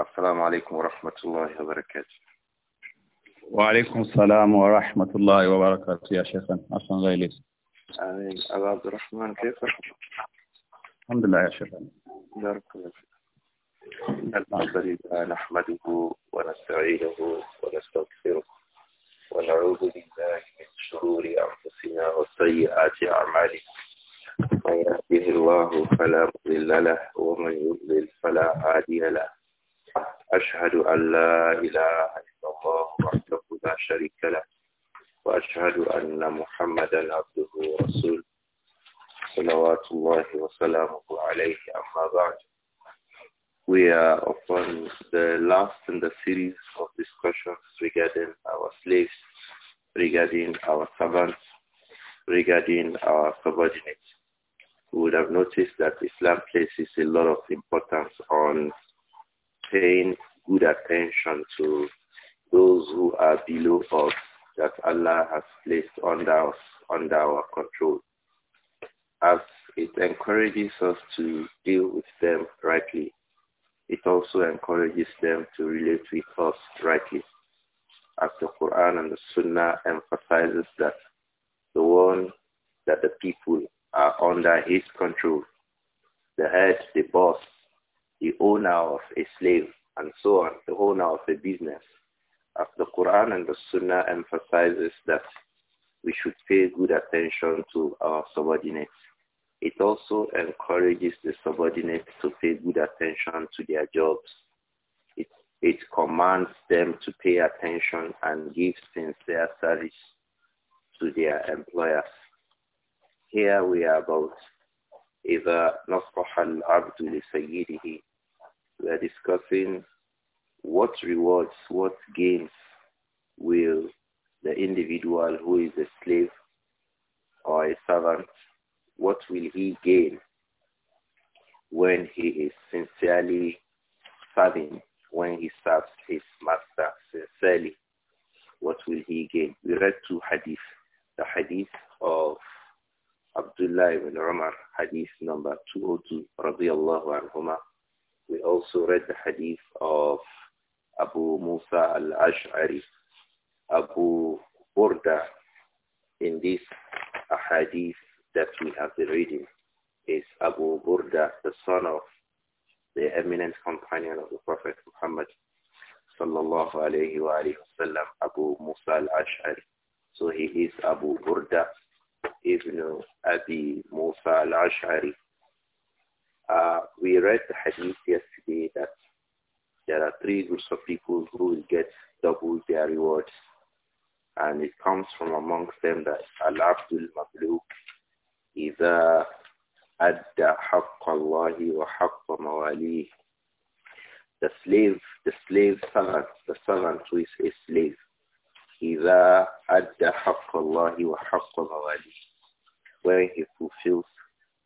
السلام عليكم ورحمة الله وبركاته وعليكم السلام ورحمة الله وبركاته يا شيخنا أحسن غيلي آمين أبا عبد الرحمن كيف الحمد لله يا شيخنا بارك الله فيك الحمد لله نحمده ونستعينه ونستغفره ونعوذ بالله من شرور أنفسنا وسيئات أعمالنا من يهده الله فلا مضل له ومن يضلل فلا هادي له أشهد أن لا إله إلا الله وحده لا شريك له وأشهد أن محمدا عبده ورسوله صلوات الله وسلامه عليه أما بعد We are upon the last in the series of discussions regarding our slaves, regarding our servants, regarding our subordinates. You would have noticed that Islam places a lot of importance on paying good attention to those who are below us that Allah has placed under us, under our control. As it encourages us to deal with them rightly, it also encourages them to relate with us rightly. As the Quran and the Sunnah emphasizes that the one that the people are under his control, the head, the boss, the owner of a slave, and so on, the owner of a business. As uh, the Quran and the Sunnah emphasizes that we should pay good attention to our subordinates. It also encourages the subordinates to pay good attention to their jobs. It, it commands them to pay attention and give sincere service to their employers. Here we are about إذا نصح العبد لسيده we are discussing what rewards, what gains will the individual who is a slave or a servant, what will he gain when he is sincerely serving, when he serves his master sincerely? What will he gain? We read two hadith, the hadith of Abdullah ibn Umar, hadith number 202, radiallahu anhumah, we also read the hadith of Abu Musa al-Ash'ari, Abu Burda, in this hadith that we have been reading is Abu Burda, the son of the eminent companion of the Prophet Muhammad sallallahu alayhi wa sallam, Abu Musa al-Ash'ari. So he is Abu Burda ibn Abi Musa al-Ash'ari uh, we read the hadith yesterday that there are three groups of people who will get double their rewards. And it comes from amongst them that Al-Abdul Mabluk إِذَا أَدَّى حَقَّ اللَّهِ وَحَقَّ مَوَالِيهِ The slave, the slave servant, the servant who is a slave. إِذَا أَدَّى حَقَّ اللَّهِ وَحَقَّ مَوَالِيهِ When he fulfills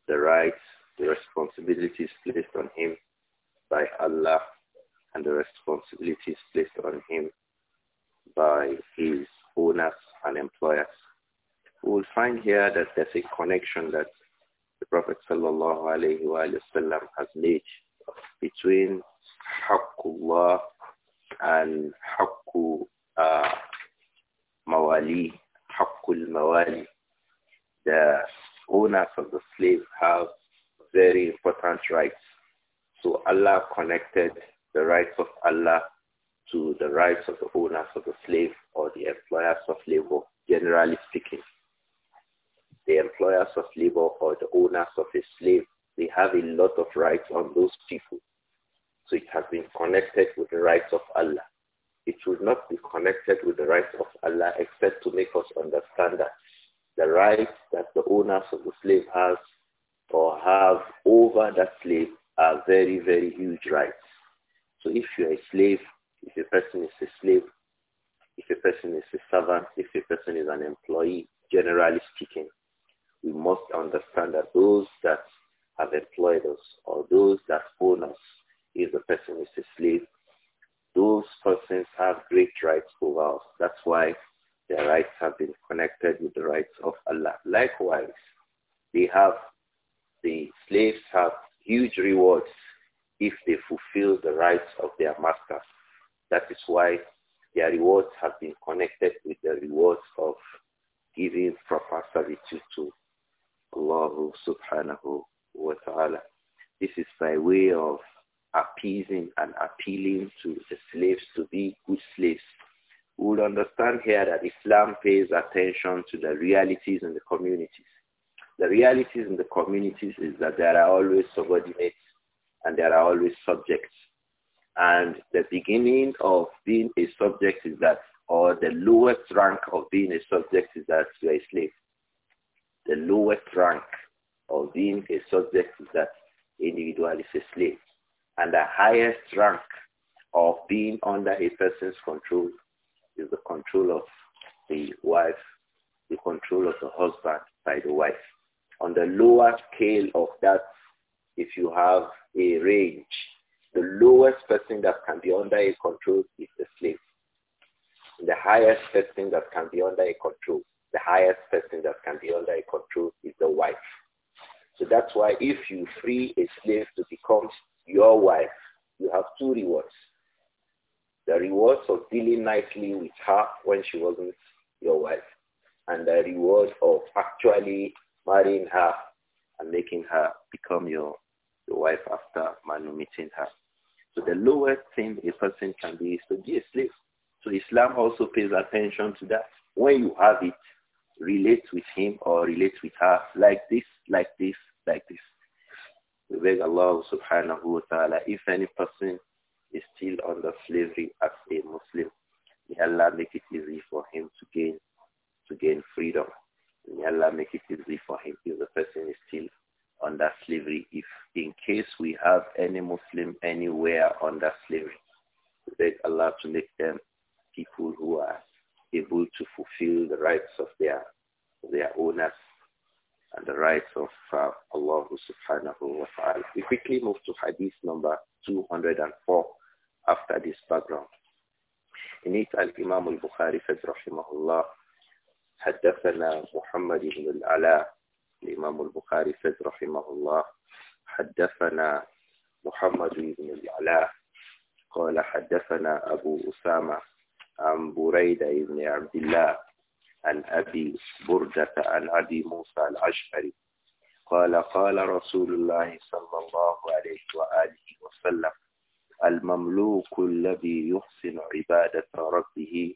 the rights the responsibilities placed on him by Allah and the responsibilities placed on him by his owners and employers. We will find here that there's a connection that the Prophet sallallahu has made between haqqullah and haqqu uh, mawali, haqqul mawali. The owners of the slave have very important rights. So Allah connected the rights of Allah to the rights of the owners of the slave or the employers of labor, generally speaking. The employers of labor or the owners of a slave, they have a lot of rights on those people. So it has been connected with the rights of Allah. It should not be connected with the rights of Allah except to make us understand that the rights that the owners of the slave has or have over that slave are very, very huge rights. So if you're a slave, if a person is a slave, if a person is a servant, if a person is an employee, generally speaking, we must understand that those that have employed us or those that own us, if the person is a slave, those persons have great rights over us. That's why their rights have been connected with the rights of Allah. Likewise, they have the slaves have huge rewards if they fulfill the rights of their masters. That is why their rewards have been connected with the rewards of giving proper servitude to Allah subhanahu wa ta'ala. This is by way of appeasing and appealing to the slaves to be good slaves. We would understand here that Islam pays attention to the realities in the communities. The realities in the communities is that there are always subordinates and there are always subjects. And the beginning of being a subject is that, or the lowest rank of being a subject is that you are a slave. The lowest rank of being a subject is that individual is a slave. And the highest rank of being under a person's control is the control of the wife, the control of the husband by the wife on the lower scale of that, if you have a range, the lowest person that can be under a control is the slave. The highest person that can be under a control, the highest person that can be under a control is the wife. So that's why if you free a slave to become your wife, you have two rewards. The rewards of dealing nicely with her when she wasn't your wife and the reward of actually marrying her and making her become your, your wife after meeting her. So the lowest thing a person can be is to be a slave. So Islam also pays attention to that. When you have it, relate with him or relate with her like this, like this, like this. We beg Allah subhanahu wa ta'ala if any person is still under slavery as a Muslim, may Allah make it easy for him to gain to gain freedom. May Allah make it easy for him if the person is still under slavery. If in case we have any Muslim anywhere under slavery, we beg Allah to make them people who are able to fulfill the rights of their their owners and the rights of uh, Allah subhanahu wa ta'ala. We quickly move to hadith number 204 after this background. In it, Al-Imam al-Bukhari said, rahimahullah, حدثنا محمد بن العلاء الإمام البخاري فز رحمه الله حدثنا محمد بن العلاء قال حدثنا أبو أسامة عن بريدة بن عبد الله عن أبي بردة عن أبي موسى العشعري قال قال رسول الله صلى الله عليه وآله وسلم المملوك الذي يحسن عبادة ربه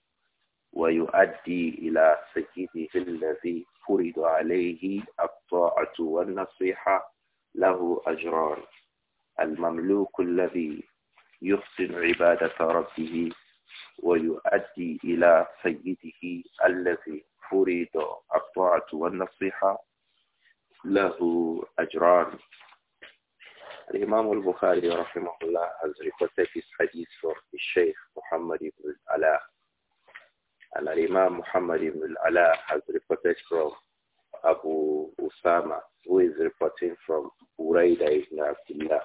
ويؤدي إلى سيده الذي فرض عليه الطاعة والنصيحة له أجران المملوك الذي يحسن عبادة ربه ويؤدي إلى سيده الذي فرض الطاعة والنصيحة له أجران الإمام البخاري رحمه الله has في حديث الشيخ محمد بن Shaykh And Imam Muhammad ibn al-Ala has reported from Abu Usama, who is reporting from Buraida ibn Abdullah.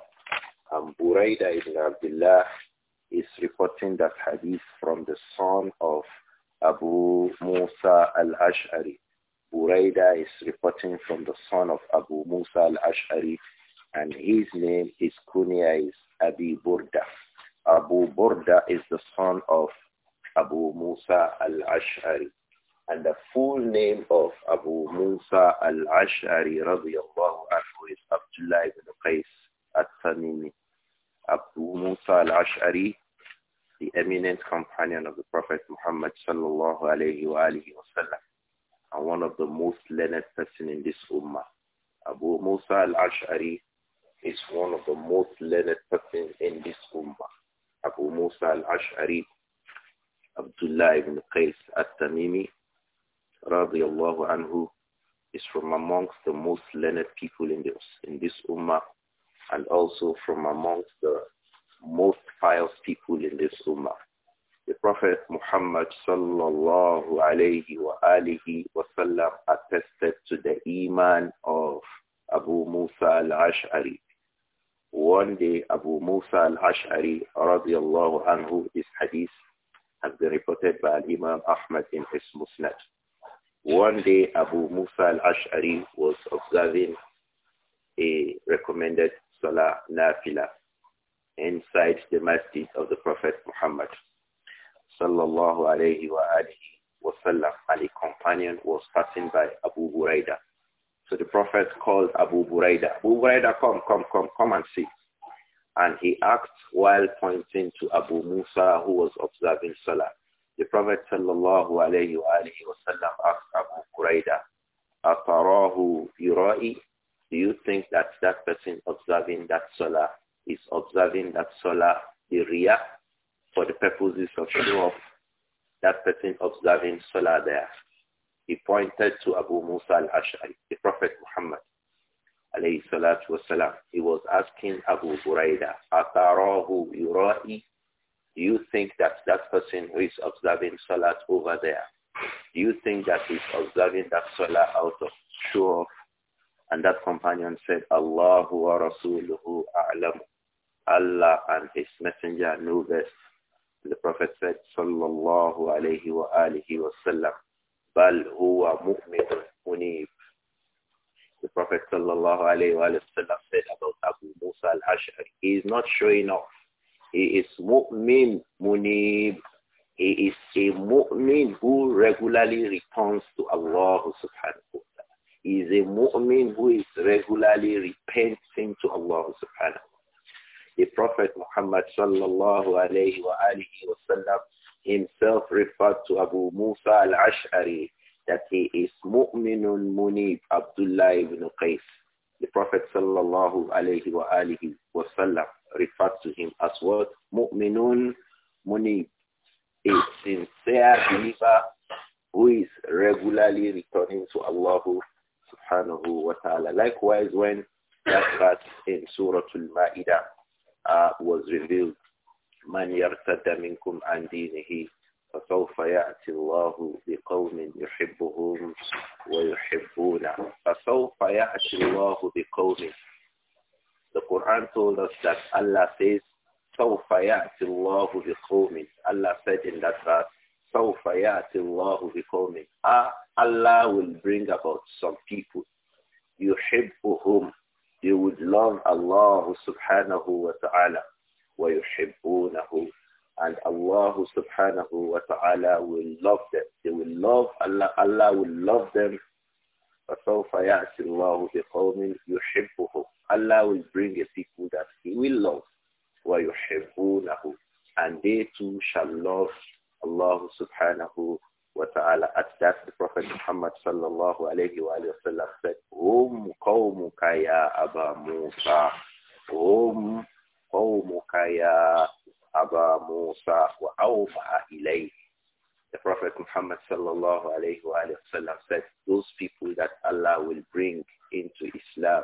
And Buraida ibn Abdullah is reporting that hadith from the son of Abu Musa al-Ash'ari. Buraida is reporting from the son of Abu Musa al-Ash'ari and his name, his kunya is Abi Burda. Abu Burda is the son of Abu Musa al-Ash'ari. And the full name of Abu Musa al-Ash'ari radiyallahu anhu is Abdullah ibn Qais al Abu Musa al-Ash'ari, the eminent companion of the Prophet Muhammad sallallahu alayhi wa alihi wasallam, and one of the most learned person in this ummah. Abu Musa al-Ash'ari is one of the most learned persons in this ummah. Abu Musa al-Ash'ari Abdullah ibn Qais Al tamimi radiallahu anhu, is from amongst the most learned people in this, in this ummah and also from amongst the most pious people in this ummah. The Prophet Muhammad sallallahu alayhi wa alihi wasallam attested to the iman of Abu Musa al-Ash'ari. One day Abu Musa al-Ash'ari radiallahu anhu, is hadith has been reported by Imam Ahmad in his Musnad. One day Abu Musa al-Ash'ari was observing a recommended Salah Nafila inside the masjid of the Prophet Muhammad sallallahu alayhi wa alihi wasallam and a companion was passing by Abu Buraida. So the Prophet called Abu Buraida, Abu Buraida, come, come, come, come and see and he asked, while pointing to Abu Musa who was observing Salah. The Prophet sallallahu alayhi wa sallam asked Abu Quraida, Atarahu yura'i? Do you think that that person observing that Salah is observing that Salah the Riyah for the purposes of show That person observing Salah there. He pointed to Abu Musa al-Ash'ari, the Prophet Muhammad alayhi salatu wasalam, he was asking Abu Buraida, Atarahu yura'i? Do you think that that person who is observing salat over there, do you think that he's observing that salat out of show And that companion said, Allahu wa rasuluhu a'lamu. Allah and his messenger know best. The Prophet said, Sallallahu alayhi wa alihi wa sallam, Bal huwa mu'minun Unib. The Prophet sallallahu alayhi wa said about Abu Musa al-Ash'ari, he is not showing off. He is mu'min munib. He is a mu'min who regularly returns to Allah subhanahu wa ta'ala. He is a mu'min who is regularly repenting to Allah subhanahu wa Taala. the Prophet Muhammad sallallahu alayhi wa alihi himself referred to Abu Musa al-Ash'ari that he is mu'minun munib Abdullah ibn Qais. The Prophet sallallahu alayhi wa alihi wa sallam referred to him as what? Mu'minun munib. A sincere believer who is regularly returning to Allah subhanahu wa ta'ala. Likewise, when that verse in Surah Al-Ma'idah uh, was revealed, man يرتد منكم عن دينه فسوف يأتي الله بقوم يحبهم ويحبونه فسوف يأتي الله بقوم The Quran told us that Allah says سوف يأتي الله بقوم Allah said in that verse سوف يأتي الله بقوم ah, Allah will bring about some people يحبهم They would love Allah subhanahu wa ta'ala ويحبونه and Allah subhanahu wa ta'ala will love them. They will love Allah, Allah will love them. فَسَوْفَ يَعْتِ اللَّهُ بِقَوْمٍ يُحِبُّهُمْ Allah will bring a people that he will love. وَيُحِبُّونَهُ And they too shall love Allah subhanahu wa ta'ala. At that the Prophet Muhammad sallallahu alayhi wa sallam said, هُمْ قَوْمُكَ يَا أَبَا مُوسَى هُمْ قَوْمُكَ يَا Abu Musa wa awfa ilayhi. The Prophet Muhammad sallallahu alayhi wa sallam said, those people that Allah will bring into Islam,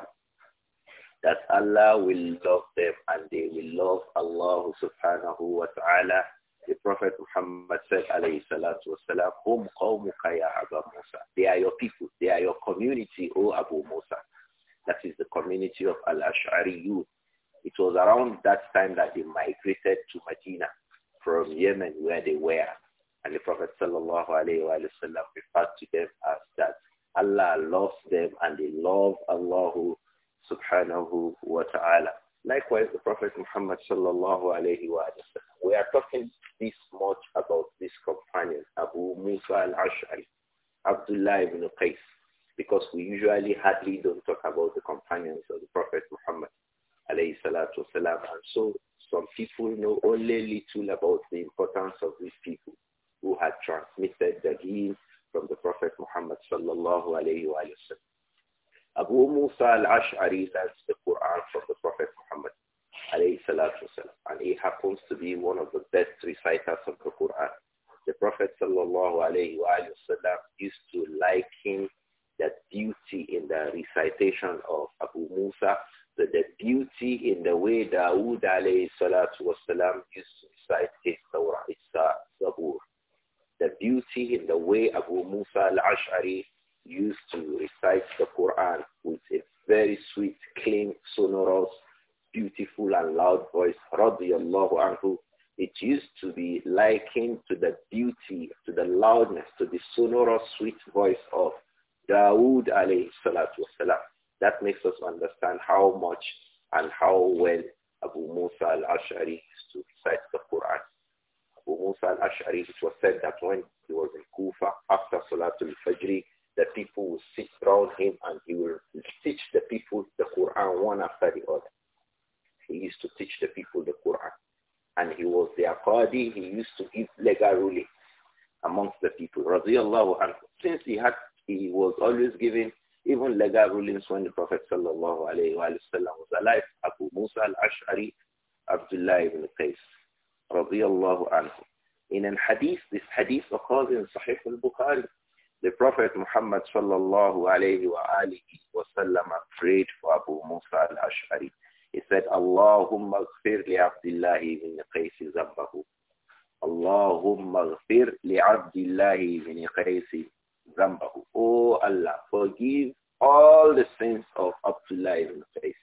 that Allah will love them and they will love Allah subhanahu wa ta'ala. The Prophet Muhammad said, alayhi salatu wasalam, Hum qawmuka ya Aba Musa. They are your people. They are your community, O Abu Musa. That is the community of Al-Ash'ari youth it was around that time that they migrated to Medina from Yemen where they were. And the Prophet sallallahu alayhi wa referred to them as that Allah loves them and they love Allah subhanahu wa ta'ala. Likewise, the Prophet Muhammad sallallahu alayhi wa sallam. We are talking this much about this companion, Abu Musa al-Ash'ari, Abdullah ibn Qais, because we usually hardly don't talk about the companions of the Prophet Muhammad alayhi salatu Salam, And so some people know only little about the importance of these people who had transmitted the deen from the Prophet Muhammad sallallahu alayhi wa Abu Musa al-Ash'ari learns the Quran from the Prophet Muhammad alayhi salatu wasalam. And he happens to be one of the best reciters of the Quran. The Prophet sallallahu alayhi wa used to like him that beauty in the recitation of Abu Musa the, the beauty in the way Dawood alayhi salatu wasalam used to recite his Torah, his Zabur. The beauty in the way Abu Musa al-Ash'ari used to recite the Quran with a very sweet, clean, sonorous, beautiful and loud voice, radiyallahu anhu, it used to be likened to the beauty, to the loudness, to the sonorous, sweet voice of Dawood alayhi salatu wasalam. That makes us understand how much and how well Abu Musa al-Ash'ari used to recite the Quran. Abu Musa al-Ash'ari, it was said that when he was in Kufa, after Salatul Fajr, the people would sit around him and he would teach the people the Quran one after the other. He used to teach the people the Quran. And he was their Qadi, he used to give legal ruling amongst the people. Since he had, he was always giving even legal rulings when the Prophet sallallahu alayhi wa sallam was alive. Abu Musa al-Ash'ari, Abdullah ibn Qais, radiyallahu anhu. In an hadith, this hadith occurs in Sahih al-Bukhari. The Prophet Muhammad sallallahu alayhi wa alihi wa sallam prayed for Abu Musa al-Ash'ari. He said, Allahumma gfir li Abdillahi ibn Qais zambahu. Allahumma gfir li Abdillahi ibn Qais zambahu. Oh Allah, forgive all the sins of Abdullah ibn Qais.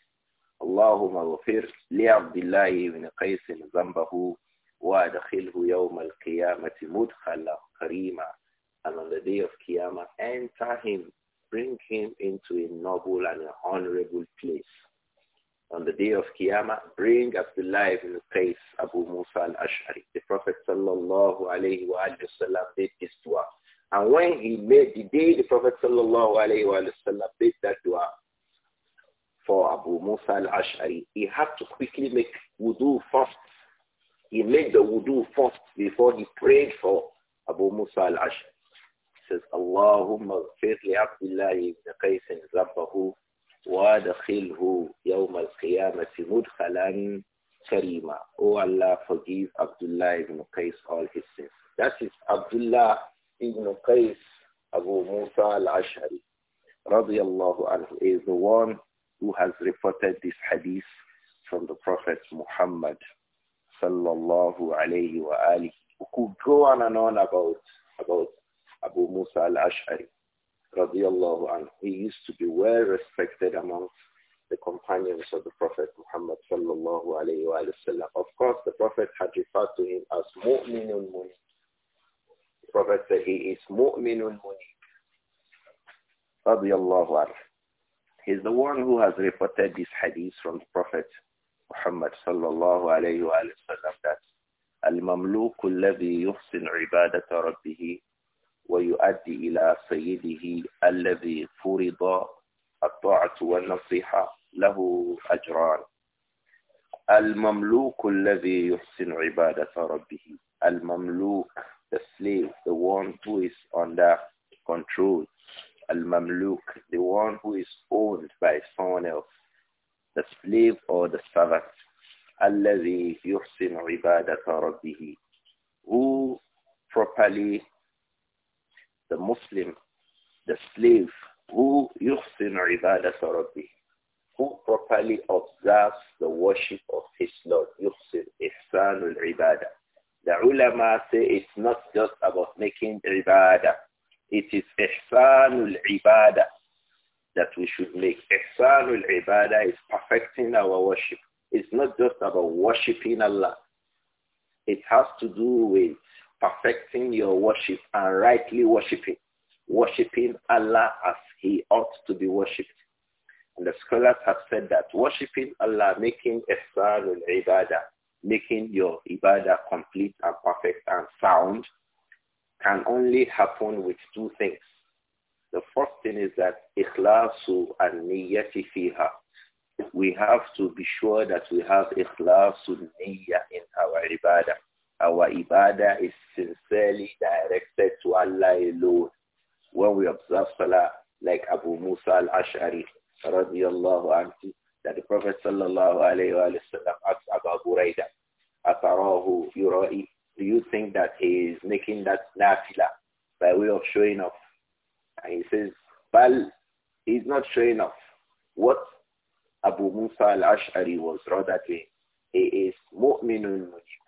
Allahumma ghafir li Abdullah ibn Qais zambahu wa adkhilhu yawm al-qiyamati mudkhala karima. And on the day of Qiyamah, enter him, bring him into a noble and an honorable place. On the day of Qiyamah, bring Abdullah ibn Qais, Abu Musa al-Ash'ari. The Prophet sallallahu alayhi wa sallam did this to us. And when he made the day the Prophet sallallahu alayhi wa sallam made that dua for Abu Musa al-Ash'ari, he had to quickly make wudu first. He made the wudu first before he prayed for Abu Musa al-Ash'ari. says, Allahumma gfir li abdillahi ibn Qaysin zambahu wa adkhilhu yawm al-qiyamati mudkhalan karima. Oh Allah, forgive Abdullah ibn Qais all his sins. That is Abdullah Ibn Qais Abu Musa al-Ash'ari radiallahu anhu is the one who has reported this hadith from the Prophet Muhammad sallallahu alayhi wa alihi. We could go on and on about, about Abu Musa al-Ash'ari radiallahu anhu. He used to be well respected amongst the companions of the Prophet Muhammad sallallahu alayhi wa sallam. Of course, the Prophet had referred to him as Mu'minun Munib Prophet said he is mu'minun munib. Radiallahu anhu. He's the one who has reported this hadith from Prophet Muhammad sallallahu alayhi wa sallam that al-mamluk alladhi yuhsin ibadata rabbih wa yuaddi ila sayyidihi الطاعة والنصيحة له أجران المملوك الذي يحسن عبادة ربه المملوك the slave, the one who is under control. Al-Mamluk, the one who is owned by someone else, the slave or the servant. الذي يحسن عبادة ربه who properly the Muslim, the slave who يحسن عبادة ربه who properly observes the worship of his Lord يحسن al-ibadah. The ulama say it's not just about making ibadah. It is ihsanul ibadah that we should make. Ihsanul ibadah is perfecting our worship. It's not just about worshiping Allah. It has to do with perfecting your worship and rightly worshiping. Worshiping Allah as he ought to be worshipped. And the scholars have said that worshiping Allah, making ihsanul ibadah, making your ibadah complete and perfect and sound can only happen with two things. The first thing is that ikhlasu and niyyati fiha. We have to be sure that we have ikhlasu niyya in our ibadah. Our ibadah is sincerely directed to Allah alone. When we observe salah, like Abu Musa al-Ash'ari, radiallahu anhu, that the Prophet sallallahu alayhi wa sallam asked Abu Buraida, Atarahu yura'i. Do you think that he is making that nafila by way of showing off? And he says, Bal, he's not showing off. What Abu Musa al-Ash'ari was rather doing, he is mu'minun mujib.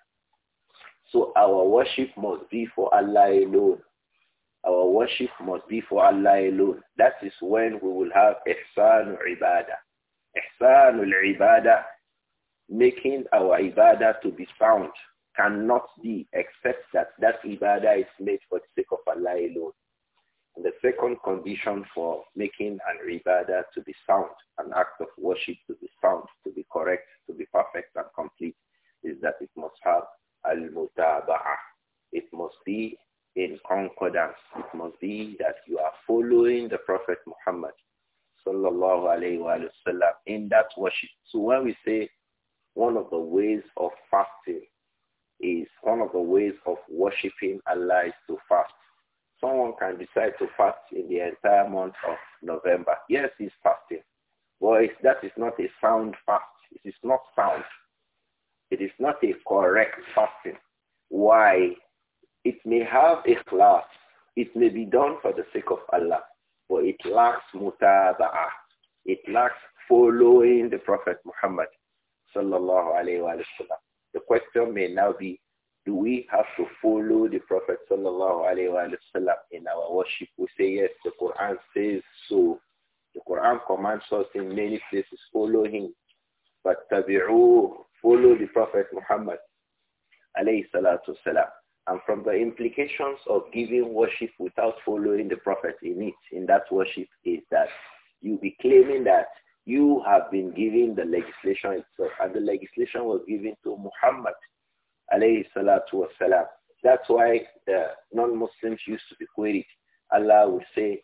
So our worship must be for Allah alone. Our worship must be for Allah alone. That is when we will have ihsanu ibadah. Ihsanul ibadah, making our ibadah to be sound, cannot be except that that ibadah is made for the sake of Allah alone. And the second condition for making an ibadah to be sound, an act of worship to be sound, to be correct, to be perfect and complete, is that it must have al-mutaba'ah. It must be in concordance. It must be that you are following the Prophet Muhammad sallallahu alayhi wa sallam in that worship. So when we say one of the ways of fasting is one of the ways of worshiping Allah is to fast. Someone can decide to fast in the entire month of November. Yes, he's fasting. But that is not a sound fast. It is not sound. It is not a correct fasting. Why? It may have a class. It may be done for the sake of Allah but it lacks mutaba'ah. It lacks following the Prophet Muhammad sallallahu alayhi wa The question may now be, do we have to follow the Prophet sallallahu alayhi wa in our worship? We say yes, the Quran says so. The Quran commands us in many places, follow him. But tabi'u, follow the Prophet Muhammad alayhi salatu salam. And from the implications of giving worship without following the prophet in it, in that worship, is that you'll be claiming that you have been given the legislation itself. And the legislation was given to Muhammad, alayhi salatu wasalam. That's why the non-Muslims used to be queried. Allah would say,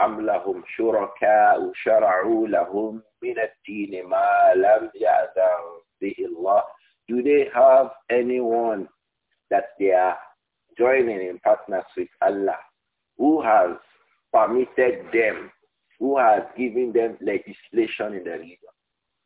أم لهم شركاء شرعوا لهم من الدين ما لم يأذن به الله. Do they have anyone that they are joining in partners with Allah, who has permitted them, who has given them legislation in the religion.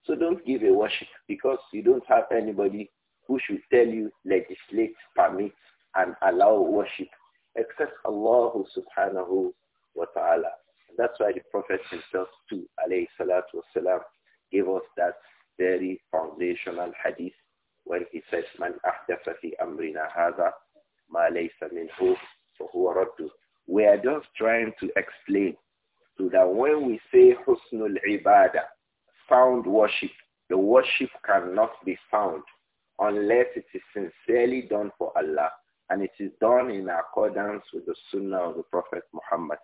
So don't give a worship because you don't have anybody who should tell you legislate, permit, and allow worship except Allah subhanahu wa ta'ala. That's why the Prophet himself too, alayhi salatu wasalam, gave us that very foundational hadith when he said, Man ahdatha fi amrina hadha ma laysa minhu fahuwa raddu. We are just trying to explain so that when we say husnul ibadah, sound worship, the worship cannot be found unless it is sincerely done for Allah and it is done in accordance with the sunnah of the Prophet Muhammad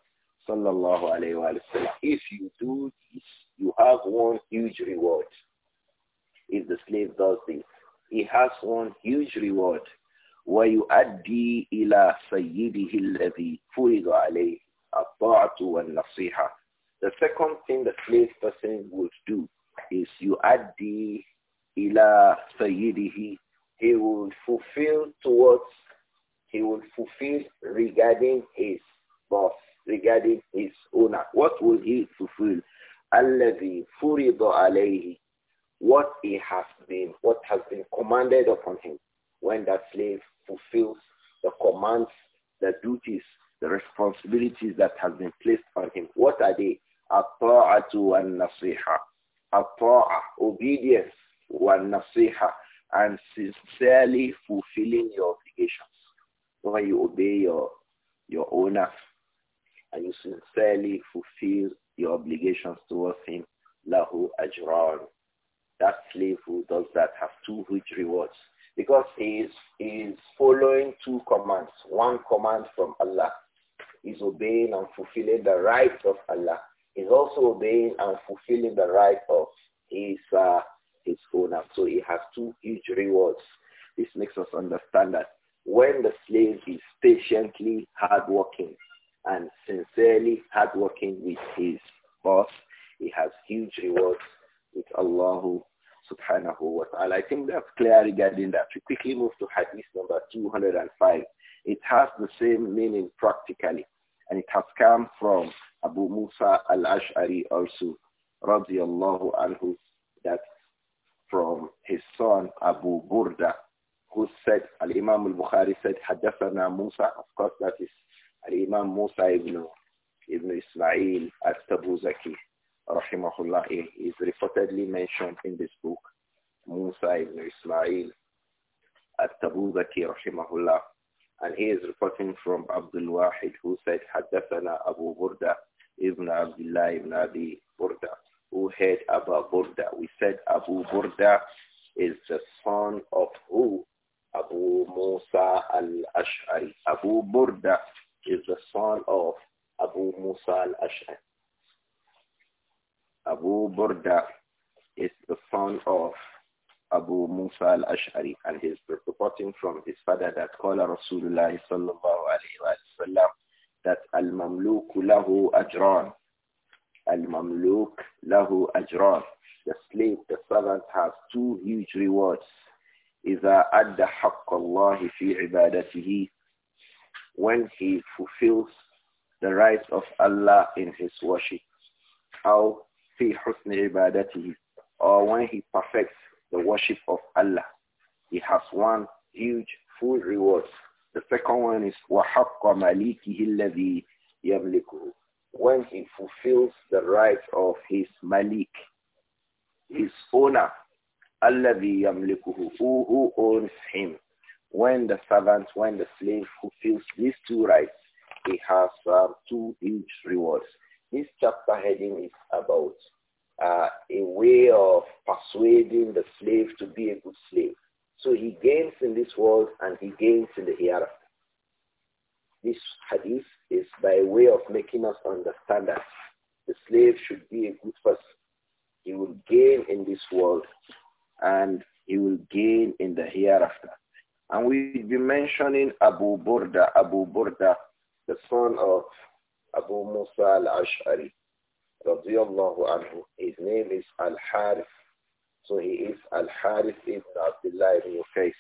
sallallahu alaihi wa If you do this, you have one huge reward. If the slave does this, he has won huge reward. وَيُؤَدِّي إِلَى سَيِّدِهِ الَّذِي فُرِضَ عَلَيْهِ الطَّاعَةُ وَالنَّصِيحَةُ The second thing the slave person would do is يُؤَدِّي إِلَى سَيِّدِهِ He would fulfill towards, he would fulfill regarding his boss, regarding his owner. What will he fulfill? الَّذِي فُرِضَ عَلَيْهِ what he has been, what has been commanded upon him when that slave fulfills the commands, the duties, the responsibilities that has been placed on him. What are they? At-ta'atu al-nasiha. at obedience, wal-nasiha, and sincerely fulfilling your obligations. When you obey your, your owner and you sincerely fulfill your obligations towards him, lahu ajran. That slave who does that has two huge rewards because he is, he is following two commands. One command from Allah is obeying and fulfilling the rights of Allah. He's also obeying and fulfilling the right of his, uh, his owner. So he has two huge rewards. This makes us understand that when the slave is patiently hardworking and sincerely hardworking with his boss, he has huge rewards with Allah subhanahu wa ta'ala. I think that's clear regarding that. We quickly move to hadith number 205. It has the same meaning practically, and it has come from Abu Musa al-Ash'ari also, radiallahu anhu, that from his son Abu Burda, who said, Al-Imam al-Bukhari said, Haddathana Musa, of course that is Al-Imam Musa ibn, ibn Ismail at Tabu Zaki rahimahullah, is reportedly mentioned in this book, Musa ibn Ismail at-Tabuzaki rahimahullah. And he is reporting from Abdul Wahid who said, Haddathana Abu Burda ibn Abdullah ibn Abi Burda, who had Abu Burda. We said Abu Burda is the son of who? Abu Musa al-Ash'ari. Abu Burda is the son of Abu Musa al-Ash'ari. Abu Burda is the son of Abu Musa al-Ash'ari and he is reporting from his father that Qala Rasulullah sallallahu alayhi wa sallam that al-mamluk lahu ajran. Al-mamluk lahu ajran. The slave, the servant has two huge rewards. إذا أدى حق الله في عبادته when he fulfills the rights of Allah in his worship. How or when he perfects the worship of Allah. He has won huge, full reward. The second one is وَحَقَّ مَلِكِهِ الَّذِي يَمْلِكُهُ When he fulfills the rights of his malik, his owner, الَّذِي يَمْلِكُهُ who, who owns him. When the servant, when the slave fulfills these two rights, he has uh, two huge rewards. This chapter heading is about uh, a way of persuading the slave to be a good slave. So he gains in this world and he gains in the hereafter. This hadith is by way of making us understand that the slave should be a good person. He will gain in this world and he will gain in the hereafter. And we'll be mentioning Abu Burda, Abu Burda, the son of Abu Musa al-Ash'ari, radiallahu anhu. His name is Al-Harith. So he is Al-Harith ibn Abdullah ibn Qais.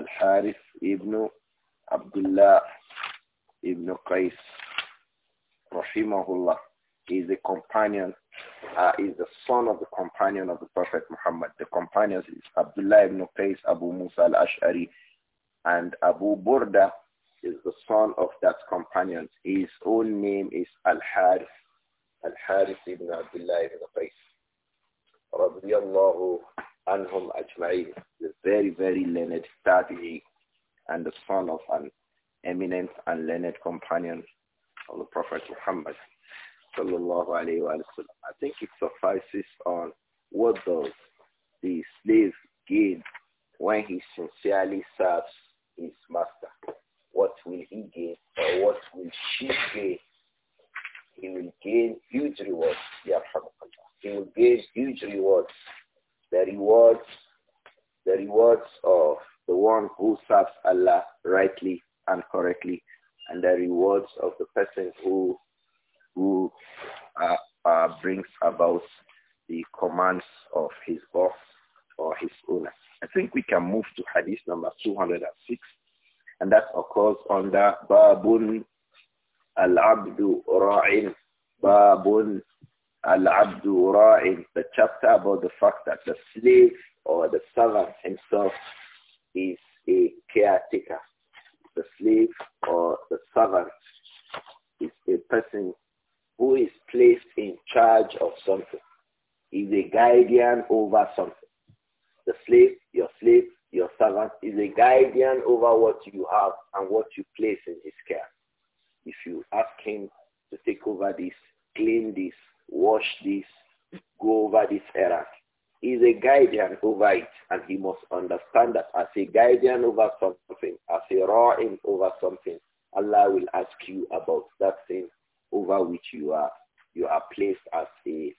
Al-Harith ibn Abdullah ibn Qais, rahimahullah. He is a companion, uh, is the son of the companion of the Prophet Muhammad. The companions is Abdullah ibn Qais, Abu Musa al-Ash'ari, and Abu Burda is the son of that companions, his own name is Al-Harith, Al-Harith ibn Abdullah ibn Qais. رضي الله عنهم The very, very learned Tabi'i and the son of an eminent and learned companion of the Prophet Muhammad. Sallallahu alayhi wa I think it suffices on what does the slave gain when he sincerely serves باب العبد راع باب العبد راع the chapter about the fact that the slave or the servant himself is a caretaker the slave or the servant is a person who is placed in charge of something is a guardian over something the slave your slave your servant is a guardian over what you have and what you place in his care. If you ask him to take over this, clean this, wash this, go over this error, he is a guardian over it and he must understand that as a guardian over something, as a ra'in over something, Allah will ask you about that thing over which you are you are placed as a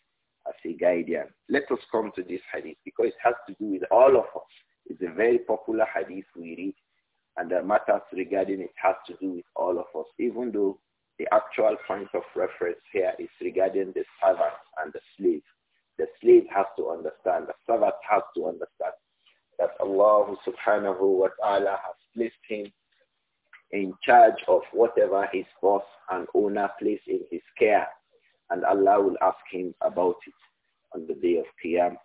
as a guardian. Let us come to this hadith because it has to do with all of us. It's a very popular hadith we read, and the matters regarding it has to do with all of us, even though the actual point of reference here is regarding the servant and the slave. The slave has to understand, the servant has to understand that Allah subhanahu wa ta'ala has placed him in charge of whatever his boss and owner place in his care. And Allah will ask him about it on the day of Qiyam.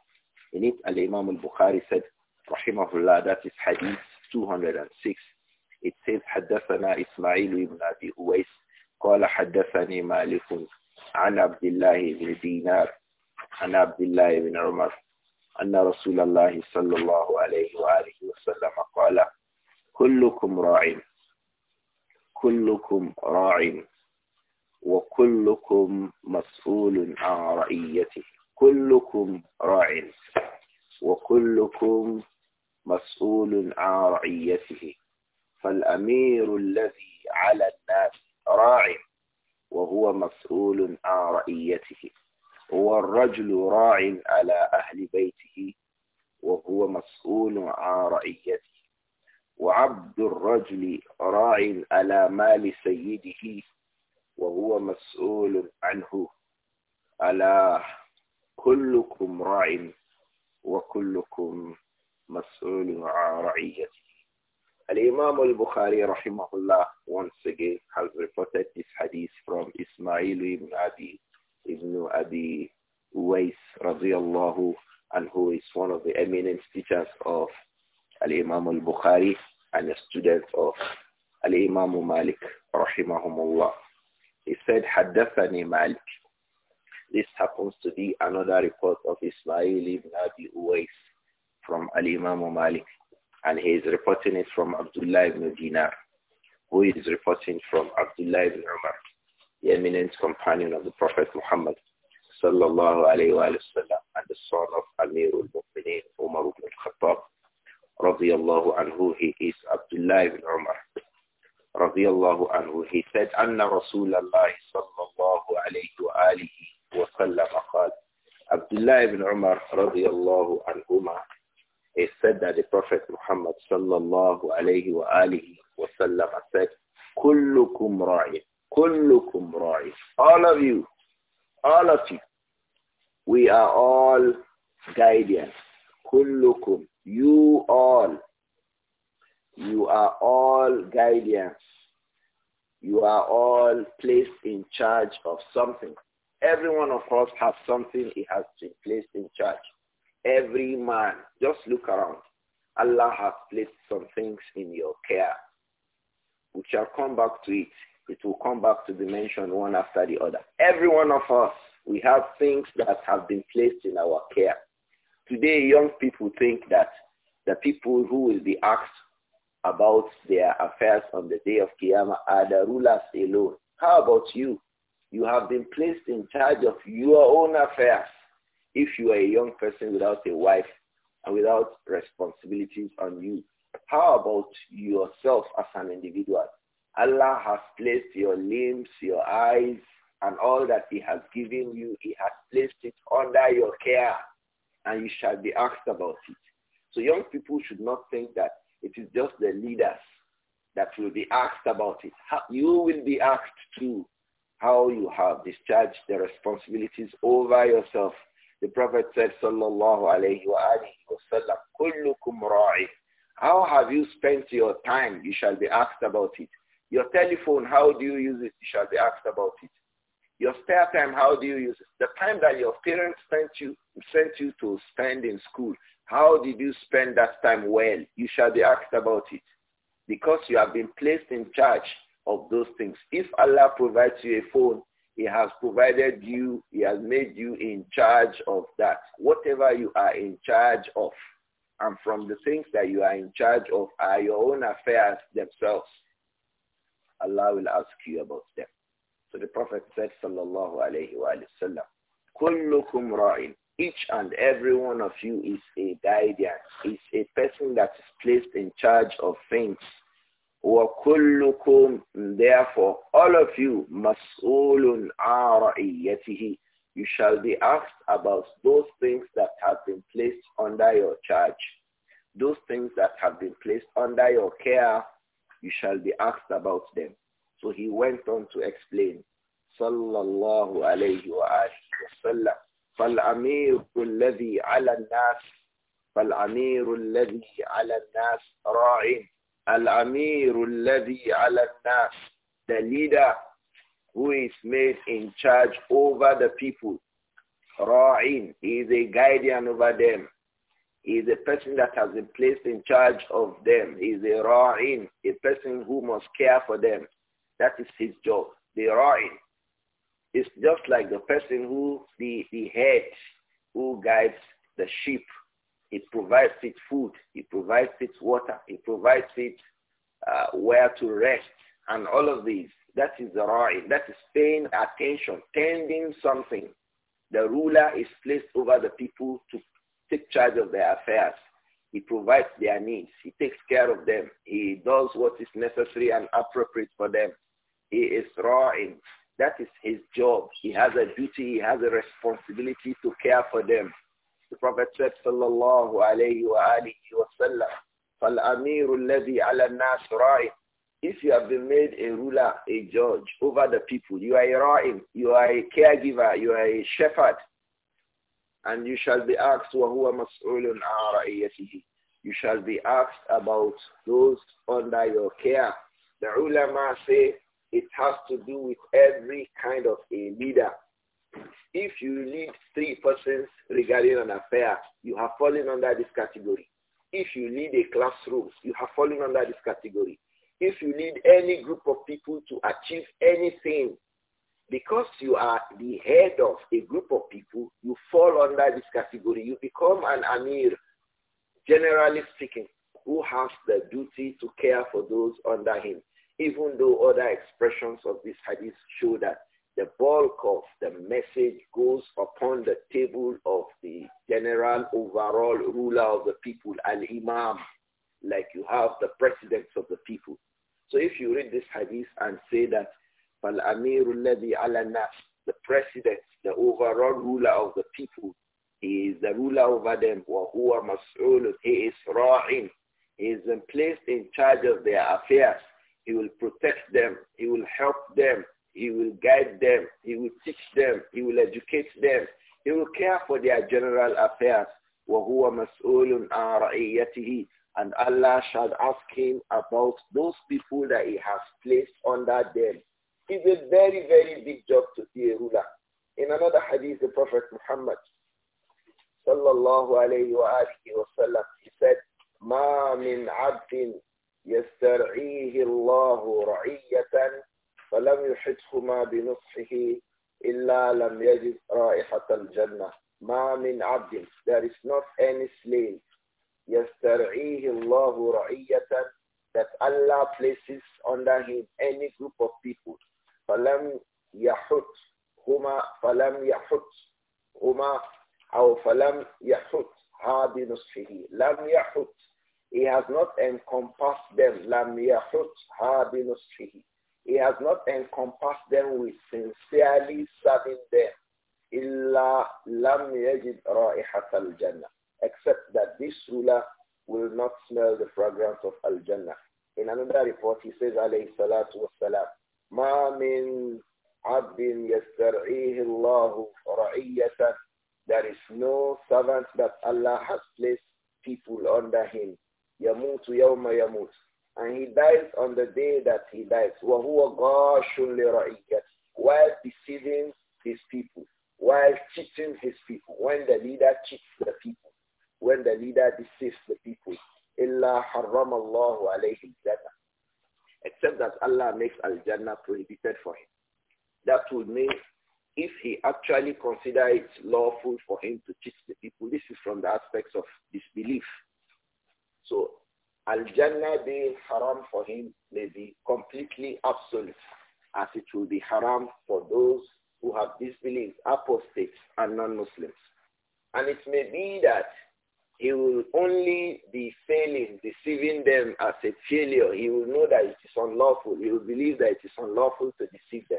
In it, Al-Imam al-Bukhari said, rahimahullah, that is hadith 206. It says, حدثنا إسماعيل بن أبي أويس قال حدثني مالك عن عبد الله بن دينار عن عبد الله بن عمر أن رسول الله صلى الله عليه وآله وسلم قال كلكم راع كلكم راع وكلكم مسؤول عن رعيته كلكم راع وكلكم مسؤول عن رعيته فالأمير الذي على الناس راع وهو مسؤول عن رعيته والرجل راع على أهل بيته وهو مسؤول عن رعيته وعبد الرجل راع على مال سيده وهو مسؤول عنه ألا كلكم راع وكلكم مسؤولها رعيته Bukhari, imam al-Bukhari rahimahullah once again has reported this hadith from Ismail ibn Abi ibn Abi Uwais radiyallahu and who is one of the eminent teachers of Al-Imam bukhari and a student of Al-Imam Malik rahimahumullah. He said, Haddathani Malik. This happens to be another report of Ismail ibn Abi Uwais from Al-Imam Malik and he is reporting it from Abdullah ibn Dinar, who is reporting from Abdullah ibn Umar, the eminent companion of the Prophet Muhammad sallallahu alayhi wa sallam and the son of al Mu'mineen Umar ibn al-Khattab radiyallahu anhu, he is Abdullah ibn Umar radiyallahu anhu, he said, Anna Rasulallah sallallahu alayhi wa alihi wa sallam Abdullah ibn Umar radiyallahu anhuma it said that the Prophet Muhammad sallallahu alayhi wa alihi wa sallam said, Kullukum ra'i, kullukum ra'i. All of you, all of you, we are all guardians. Kullukum, you all, you are all guardians. You are all placed in charge of something. Every one of us has something he has been placed in charge. Every man, just look around. Allah has placed some things in your care. We shall come back to it. It will come back to be mentioned one after the other. Every one of us, we have things that have been placed in our care. Today, young people think that the people who will be asked about their affairs on the day of Qiyamah are the rulers alone. How about you? You have been placed in charge of your own affairs. If you are a young person without a wife and without responsibilities on you, how about yourself as an individual? Allah has placed your limbs, your eyes, and all that he has given you, he has placed it under your care, and you shall be asked about it. So young people should not think that it is just the leaders that will be asked about it. You will be asked too how you have discharged the responsibilities over yourself the Prophet said, Sallallahu alayhi wa alihi wa How have you spent your time? You shall be asked about it. Your telephone, how do you use it? You shall be asked about it. Your spare time, how do you use it? The time that your parents sent you, sent you to spend in school, how did you spend that time well? You shall be asked about it. Because you have been placed in charge of those things. If Allah provides you a phone, he has provided you, he has made you in charge of that. Whatever you are in charge of, and from the things that you are in charge of are your own affairs themselves. Allah will ask you about them. So the Prophet said, Sallallahu Alaihi Wasallam, Kullukum ra'in. Each and every one of you is a guardian, is a person that is placed in charge of things. وَكُلُّكُمْ Therefore, all of you, مسؤول عَنْ رَعِيَّتِهِ You shall be asked about those things that have been placed under your charge. Those things that have been placed under your care, you shall be asked about them. So he went on to explain, sallallahu alayhi wa alihi wa فَالْأَمِيرُ الَّذِي عَلَى النَّاسِ فَالْأَمِيرُ الَّذِي عَلَى النَّاسِ رَاعٍ Al-Amirul Ladhi Al-Nas, the leader who is made in charge over the people. Ra'in, he is a guardian over them. He is a person that has been placed in charge of them. He is a Ra'in, a person who must care for them. That is his job, the Ra'in. is just like the person who, the, the head who guides the sheep it provides it food. It provides it water. It provides it uh, where to rest and all of these. That is the ra'i. That is paying attention, tending something. The ruler is placed over the people to take charge of their affairs. He provides their needs. He takes care of them. He does what is necessary and appropriate for them. He is ra'in. That is his job. He has a duty. He has a responsibility to care for them. The Prophet said, sallallahu alayhi wa alihi wa sallam, فَالْأَمِيرُ الَّذِي عَلَى النَّاسِ رَائِمْ If you have been made a ruler, a judge over the people, you are a ra'im, you are a caregiver, you are a shepherd, and you shall be asked, وَهُوَ مَسْئُولٌ عَنْ رَئِيَتِهِ You shall be asked about those under your care. The ulama say it has to do with every kind of a leader if you lead three persons regarding an affair, you have fallen under this category. If you lead a classroom, you have fallen under this category. If you lead any group of people to achieve anything, because you are the head of a group of people, you fall under this category. You become an amir, generally speaking, who has the duty to care for those under him, even though other expressions of this hadith show that the bulk of the message goes upon the table of the general overall ruler of the people, al-imam, like you have the presidents of the people. So if you read this hadith and say that The president, the overall ruler of the people, he is the ruler over them. وَهُوَ مَسْعُولٌ He is ra'in. He is placed in charge of their affairs. He will protect them. He will help them. He will guide them. He will teach them. He will educate them. He will care for their general affairs. وَهُوَ مَسْؤُولٌ عَنْ رَعِيَّتِهِ And Allah shall ask him about those people that he has placed under them. It's a very, very big job to be a ruler. In another hadith, the Prophet Muhammad sallallahu alayhi wa alihi wa sallam, he said, مَا مِنْ عَبْدٍ يَسْتَرْعِيهِ اللَّهُ رَعِيَّةً فلم يحدهما بنصحه إلا لم يجد رائحة الجنة ما من عبد there is not any slave يسترعيه الله رعية that Allah places under him any group of people فلم يحط هما فلم يحط هما أو فلم يحط ها بنصحه لم يحط he has not encompassed them لم يحط ها بنصحه He has not encompassed them with sincerely serving them. إِلَّا لَمْ يَجِدْ رَائِحَةَ jannah Except that this ruler will not smell the fragrance of Al-Jannah. In another report, he says, alayhi salatu wassalam, مَا مِنْ عَبْدٍ There is no servant that Allah has placed people under him. Yamutu يَوْمَ yamut. And he dies on the day that he dies. While deceiving his people, while cheating his people, when the leader cheats the people, when the leader deceives the people. إِلَّا haram اللَّهُ عَلَيْهِ Except that Allah makes Al-Jannah prohibited for him. That would mean if he actually considers it lawful for him to cheat the people, this is from the aspects of disbelief. So Al-Jannah being haram for him may be completely absolute as it will be haram for those who have disbelieved, apostates, and non-Muslims. And it may be that he will only be failing, deceiving them as a failure. He will know that it is unlawful. He will believe that it is unlawful to deceive them.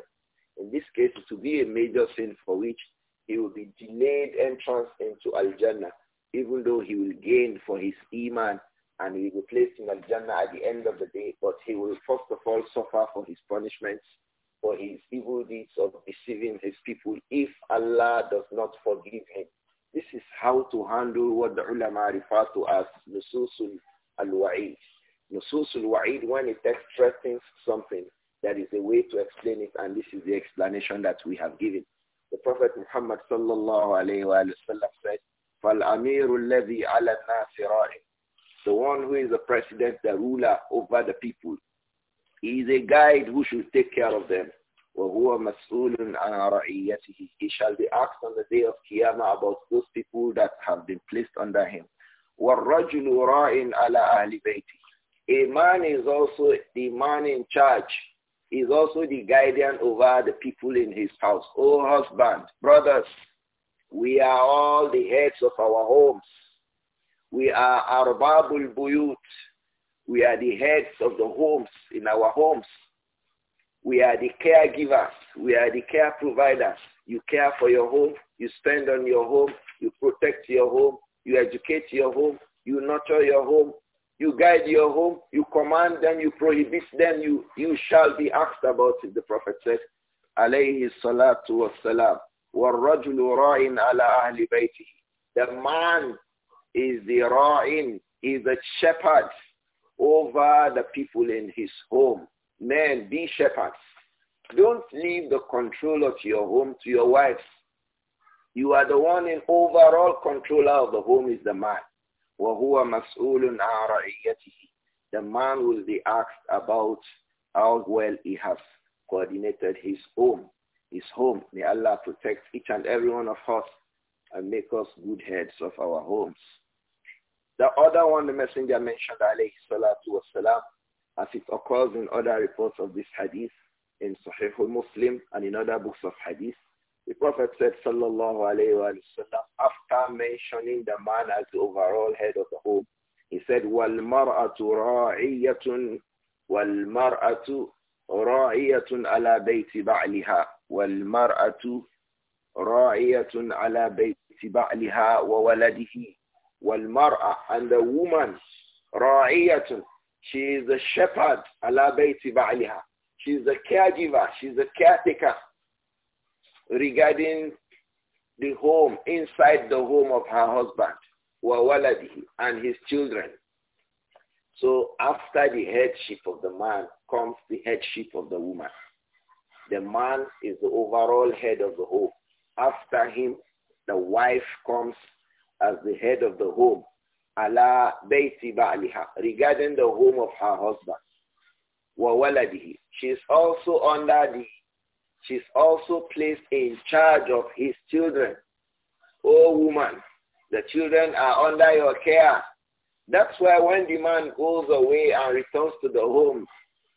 In this case, it will be a major sin for which he will be delayed entrance into Al-Jannah, even though he will gain for his Iman and he will be placed in Al-Jannah at the end of the day, but he will first of all suffer for his punishments, for his evil deeds of deceiving his people if Allah does not forgive him. This is how to handle what the ulama refer to as nususul al-wa'id. Nususul wa'id, when it threatens something, that is a way to explain it, and this is the explanation that we have given. The Prophet Muhammad sallallahu alayhi wa sallam said, فَالْأَمِيرُ الَّذِي عَلَى النَّاسِ رَائِمٌ the one who is the president, the ruler over the people. He is a guide who should take care of them. He shall be asked on the day of Qiyamah about those people that have been placed under him. A man is also the man in charge. He is also the guardian over the people in his house. Oh husband, brothers, we are all the heads of our homes. We are arbabul buyut. We are the heads of the homes, in our homes. We are the caregivers. We are the care providers. You care for your home. You spend on your home. You protect your home. You educate your home. You nurture your home. You guide your home. You command them. You prohibit them. You, you shall be asked about it, the Prophet said. Alayhi salatu wassalam. The man is the ra'in, is the shepherd over the people in his home. Men, be shepherds. Don't leave the control of your home to your wives. You are the one in overall controller of the home is the man. The man will be asked about how well he has coordinated his home. His home. May Allah protect each and every one of us and make us good heads of our homes. The other one the messenger mentioned, alayhi salatu wasalam, as it occurs in other reports of this hadith, in Sahih muslim and in other books of hadith, the Prophet said, sallallahu alayhi wa after mentioning the man as the overall head of the home, he said, وَالْمَرْأَةُ رَاعِيَةٌ وَالْمَرْأَةُ رَاعِيَةٌ عَلَى بَيْتِ بَعْلِهَا وَالْمَرْأَةُ رَاعِيَةٌ عَلَى بَيْتِ بَعْلِهَا وَوَلَدِهِ والمرأة and the woman راعية she is the shepherd على بيت بعلها she is the caregiver she is the caretaker regarding the home inside the home of her husband وولده and his children so after the headship of the man comes the headship of the woman the man is the overall head of the home after him the wife comes as the head of the home, ala bayti ba'liha, regarding the home of her husband, wa waladihi. She is also under the, she is also placed in charge of his children. O oh, woman, the children are under your care. That's why when the man goes away and returns to the home,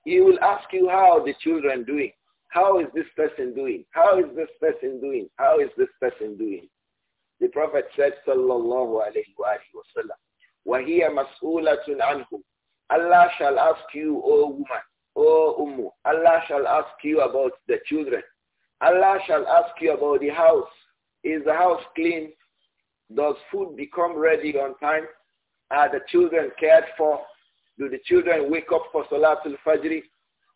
he will ask you how the children doing. How is this person doing? How is this person doing? How is this person doing? The Prophet said, sallallahu alaihi wasallam, وَهِيَ مَسْئُولَةٌ عَنْهُ Allah shall ask you, O woman, O Ummu, Allah shall ask you about the children. Allah shall ask you about the house. Is the house clean? Does food become ready on time? Are the children cared for? Do the children wake up for Salatul Fajr?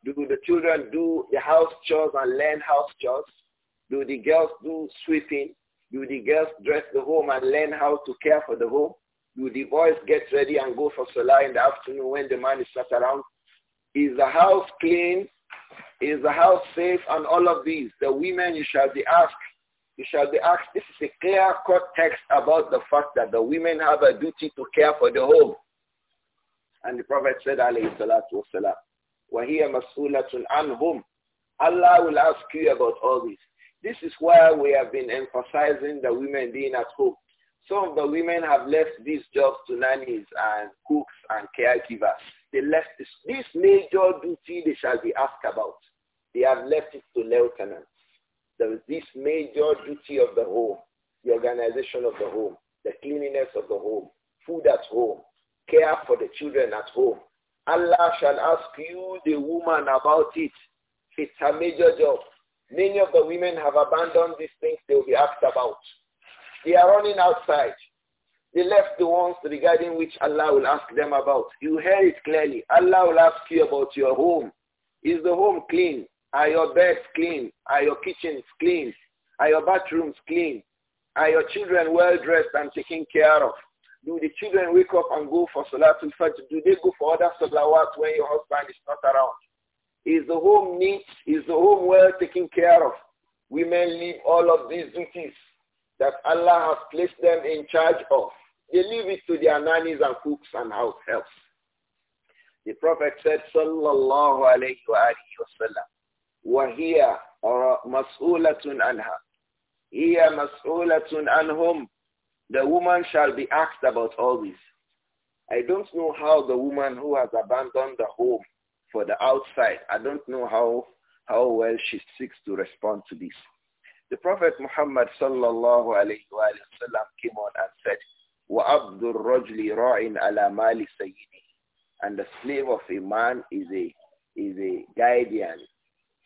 Do the children do the house chores and learn house chores? Do the girls do sweeping? Do the girls dress the home and learn how to care for the home? Do the boys get ready and go for Salah in the afternoon when the man is not around? Is the house clean? Is the house safe? And all of these. The women, you shall be asked. You shall be asked. This is a clear-cut text about the fact that the women have a duty to care for the home. And the Prophet said, alayhi salatu wasalam, وَهِيَ مَسْئُولَةٌ Allah will ask you about all this. This is why we have been emphasizing the women being at home. Some of the women have left these jobs to nannies and cooks and caregivers. They left this, this major duty they shall be asked about. They have left it to lieutenants. There is this major duty of the home, the organization of the home, the cleanliness of the home, food at home, care for the children at home. Allah shall ask you, the woman, about it. It's a major job. Many of the women have abandoned these things they will be asked about. They are running outside. They left the ones regarding which Allah will ask them about. You hear it clearly. Allah will ask you about your home. Is the home clean? Are your beds clean? Are your kitchens clean? Are your bathrooms clean? Are your children well dressed and taken care of? Do the children wake up and go for Salatul Fajr? Do they go for other Salawat when your husband is not around? Is the home neat? Is the home well taken care of? Women leave all of these duties that Allah has placed them in charge of. They leave it to their nannies and cooks and house helps. The Prophet said, Sallallahu alayhi wa wa sallam, وَهِيَ مَسْئُولَةٌ عَنْهَا هِيَ مَسْئُولَةٌ عَنْهُمْ The woman shall be asked about all this. I don't know how the woman who has abandoned the home for the outside. I don't know how, how well she seeks to respond to this. The Prophet Muhammad sallallahu alayhi wa sallam came on and said, "Wa الرَّجْلِ رَاعٍ عَلَى مَالِ سَيِّدِهِ And the slave of a man is a, is a guardian,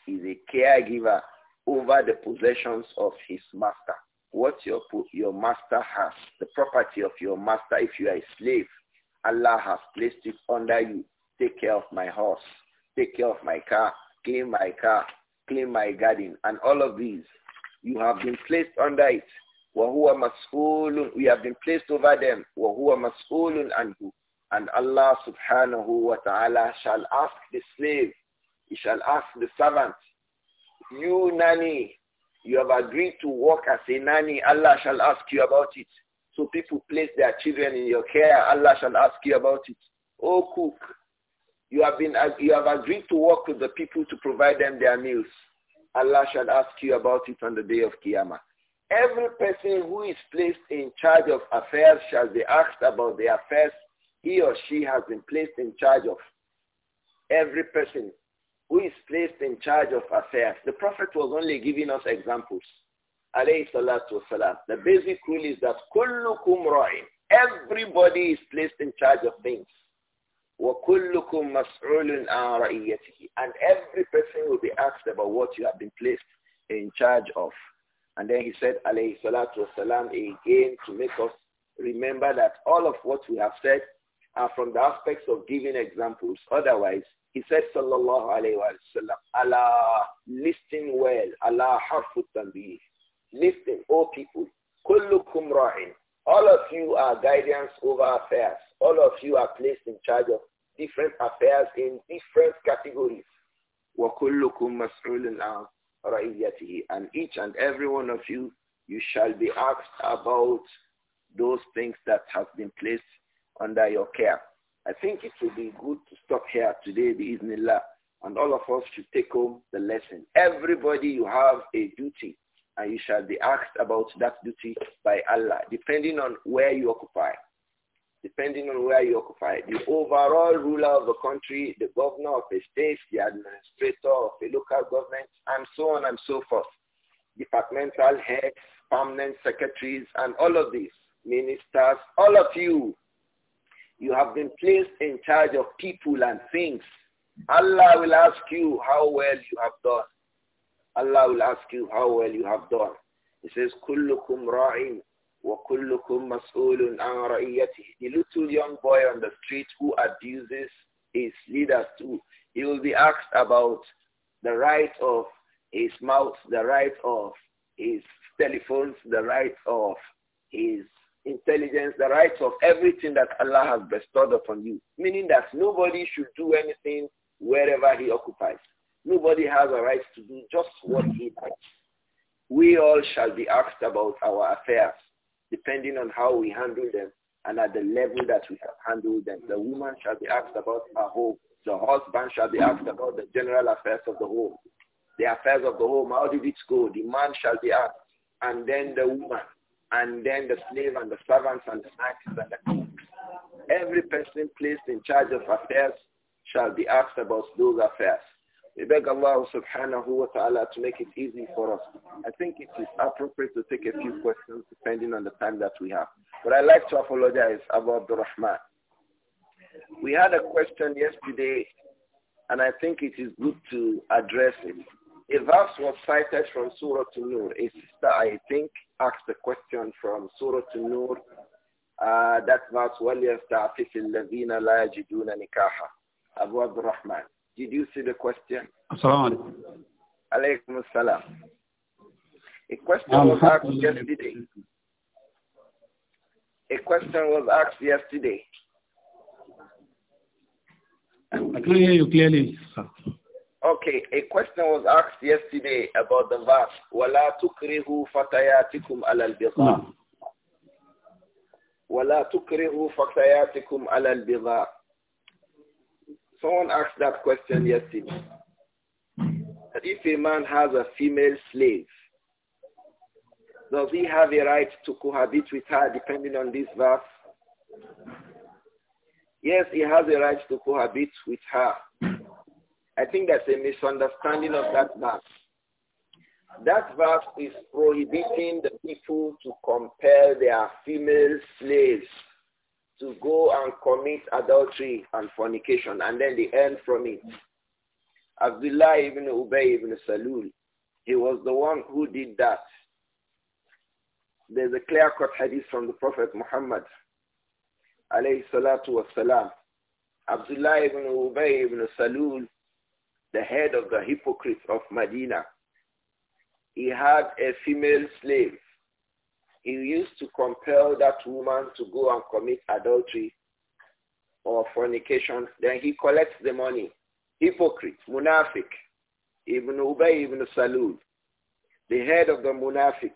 is a caregiver over the possessions of his master. What your, your master has, the property of your master, if you are a slave, Allah has placed it under you take care of my horse, take care of my car, clean my car, clean my garden, and all of these. You have been placed under it. We have been placed over them. وَهُوَ مَسْئُولٌ عَنْهُ And Allah subhanahu wa ta'ala shall ask the slave, he shall ask the servant, you nanny, you have agreed to work as a nanny, Allah shall ask you about it. So people place their children in your care, Allah shall ask you about it. Oh cook, you have been you have agreed to work with the people to provide them their meals. Allah shall ask you about it on the day of Qiyamah. Every person who is placed in charge of affairs shall be asked about the affairs he or she has been placed in charge of. Every person who is placed in charge of affairs. The Prophet was only giving us examples. Alayhi salatu The basic rule is that kullukum ra'in. Everybody is placed in charge of things. وَكُلُّكُمْ مَسْعُولٌ عَنْ And every person will be asked about what you have been placed in charge of. And then he said, alayhi salatu wasalam, again to make us remember that all of what we have said are from the aspects of giving examples. Otherwise, he said, sallallahu alayhi wa sallam, Allah, listen well, Allah harfu tanbih. Listen, O people, kullukum ra'in. All of you are guidance over affairs. All of you are placed in charge of different affairs in different categories. And each and every one of you, you shall be asked about those things that have been placed under your care. I think it will be good to stop here today, bi'idhnillah, and all of us should take home the lesson. Everybody, you have a duty and you shall be asked about that duty by Allah, depending on where you occupy. Depending on where you occupy. The overall ruler of the country, the governor of a state, the administrator of a local government, and so on and so forth. Departmental heads, permanent secretaries, and all of these, ministers, all of you, you have been placed in charge of people and things. Allah will ask you how well you have done. Allah will ask you how well you have done. He says, كلكم راع وكلكم مسؤول عن رعيته. The little young boy on the street who abuses his leaders too, he will be asked about the right of his mouth, the right of his telephones, the right of his intelligence, the right of everything that Allah has bestowed upon you. Meaning that nobody should do anything wherever he occupies. Nobody has a right to do just what he likes. We all shall be asked about our affairs, depending on how we handle them and at the level that we have handled them. The woman shall be asked about her home. The husband shall be asked about the general affairs of the home. The affairs of the home, how did it go? The man shall be asked, and then the woman, and then the slave and the servants and the knights and the Every person placed in charge of affairs shall be asked about those affairs. We beg Allah subhanahu wa ta'ala to make it easy for us. I think it is appropriate to take a few questions depending on the time that we have. But I'd like to apologize about the Rahman. We had a question yesterday and I think it is good to address it. A verse was cited from Surah An-Nur. A sister, I think, asked a question from Surah An-Nur. Uh, that verse, وَلْيَسْتَعْفِفِ الَّذِينَ لَا يَجِدُونَ نِكَاحًا Abu Abdurrahman. Did you see the question? Assalamu alaikum. assalam. A question um, was asked yesterday. A question was asked yesterday. I can hear you clearly, sir. Okay, a question was asked yesterday about the verse, وَلَا تُكْرِهُوا فَتَيَاتِكُمْ عَلَى الْبِغَاءِ وَلَا تُكْرِهُوا فَتَيَاتِكُمْ عَلَى الْبِغَاءِ Someone asked that question yesterday. That if a man has a female slave, does he have a right to cohabit with her depending on this verse? Yes, he has a right to cohabit with her. I think that's a misunderstanding of that verse. That verse is prohibiting the people to compel their female slaves to go and commit adultery and fornication and then they earn from it. Abdullah ibn Ubay ibn Salul, he was the one who did that. There's a clear-cut hadith from the Prophet Muhammad, alayhi salatu wasalam. Abdullah ibn Ubay ibn Salul, the head of the hypocrites of Medina, he had a female slave he used to compel that woman to go and commit adultery or fornication, then he collects the money. Hypocrite, munafiq, Ibn Ubay ibn Salul, the head of the munafiq,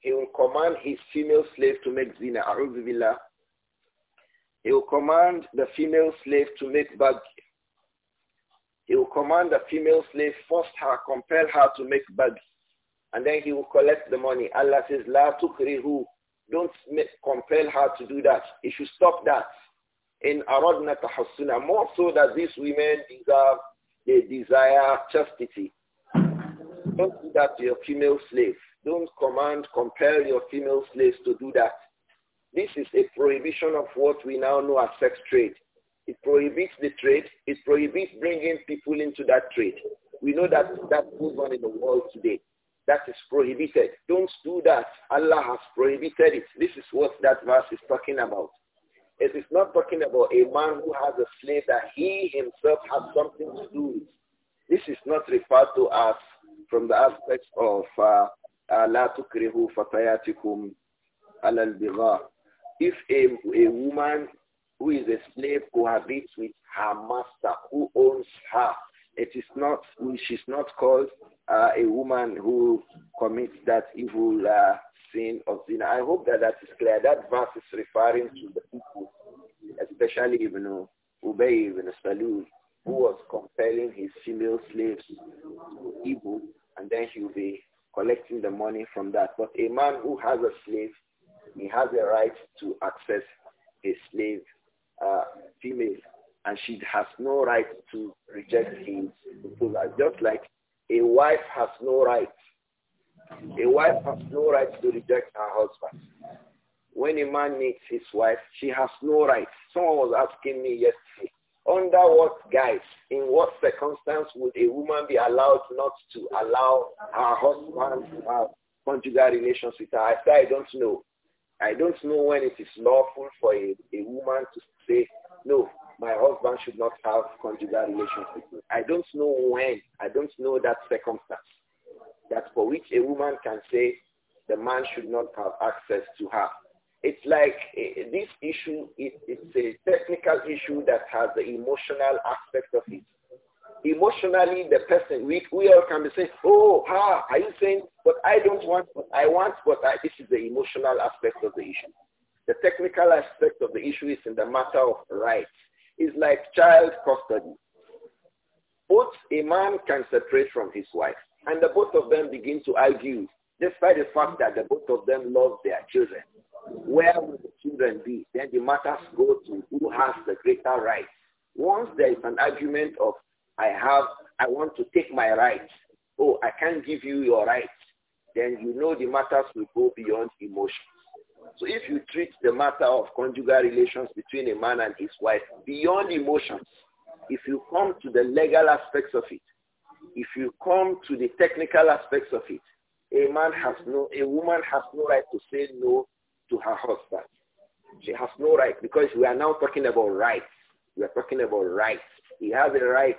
he will command his female slave to make zina, He will command the female slave to make baggy. He will command the female slave, force her, compel her to make baggy. And then he will collect the money. Allah says, La tukrihu. Don't compel her to do that. It should stop that. In aradna tahassuna. More so that these women deserve, they desire chastity. Don't do that to your female slave. Don't command, compel your female slaves to do that. This is a prohibition of what we now know as sex trade. It prohibits the trade. It prohibits bringing people into that trade. We know that that goes on in the world today. That is prohibited. Don't do that. Allah has prohibited it. This is what that verse is talking about. It is not talking about a man who has a slave that he himself has something to do with. This is not referred to as from the aspect of لا تكرهوا فتياتكم على البغاء. If a, a woman who is a slave cohabits with her master who owns her, it is not, she's not called uh, a woman who commits that evil uh, sin of sin. I hope that that is clear. That verse is referring to the people, especially Ibn Ubay ibn Salul, who was compelling his female slaves to evil, and then he will be collecting the money from that. But a man who has a slave, he has a right to access his slave uh, female and she has no right to reject him proposal. Just like a wife has no right. A wife has no right to reject her husband. When a man meets his wife, she has no right. Someone was asking me yesterday, under what guise, in what circumstance would a woman be allowed not to allow her husband to have conjugal relations with her? I said, I don't know. I don't know when it is lawful for a, a woman to say, no, my husband should not have conjugal relations with me. I don't know when. I don't know that circumstance that for which a woman can say the man should not have access to her. It's like uh, this issue, it, it's a technical issue that has the emotional aspect of it. Emotionally, the person, we, we all can be saying, oh, ha, are you saying, but I don't want, but I want, but I, this is the emotional aspect of the issue. The technical aspect of the issue is in the matter of rights is like child custody. Both a man can separate from his wife, and the both of them begin to argue, despite the fact that the both of them love their children. Where will the children be? Then the matters go to who has the greater right. Once there is an argument of, I have, I want to take my rights. Oh, I can't give you your rights. Then you know the matters will go beyond emotion. So if you treat the matter of conjugal relations between a man and his wife beyond emotions, if you come to the legal aspects of it, if you come to the technical aspects of it, a man has no, a woman has no right to say no to her husband. She has no right because we are now talking about rights. We are talking about rights. He has a right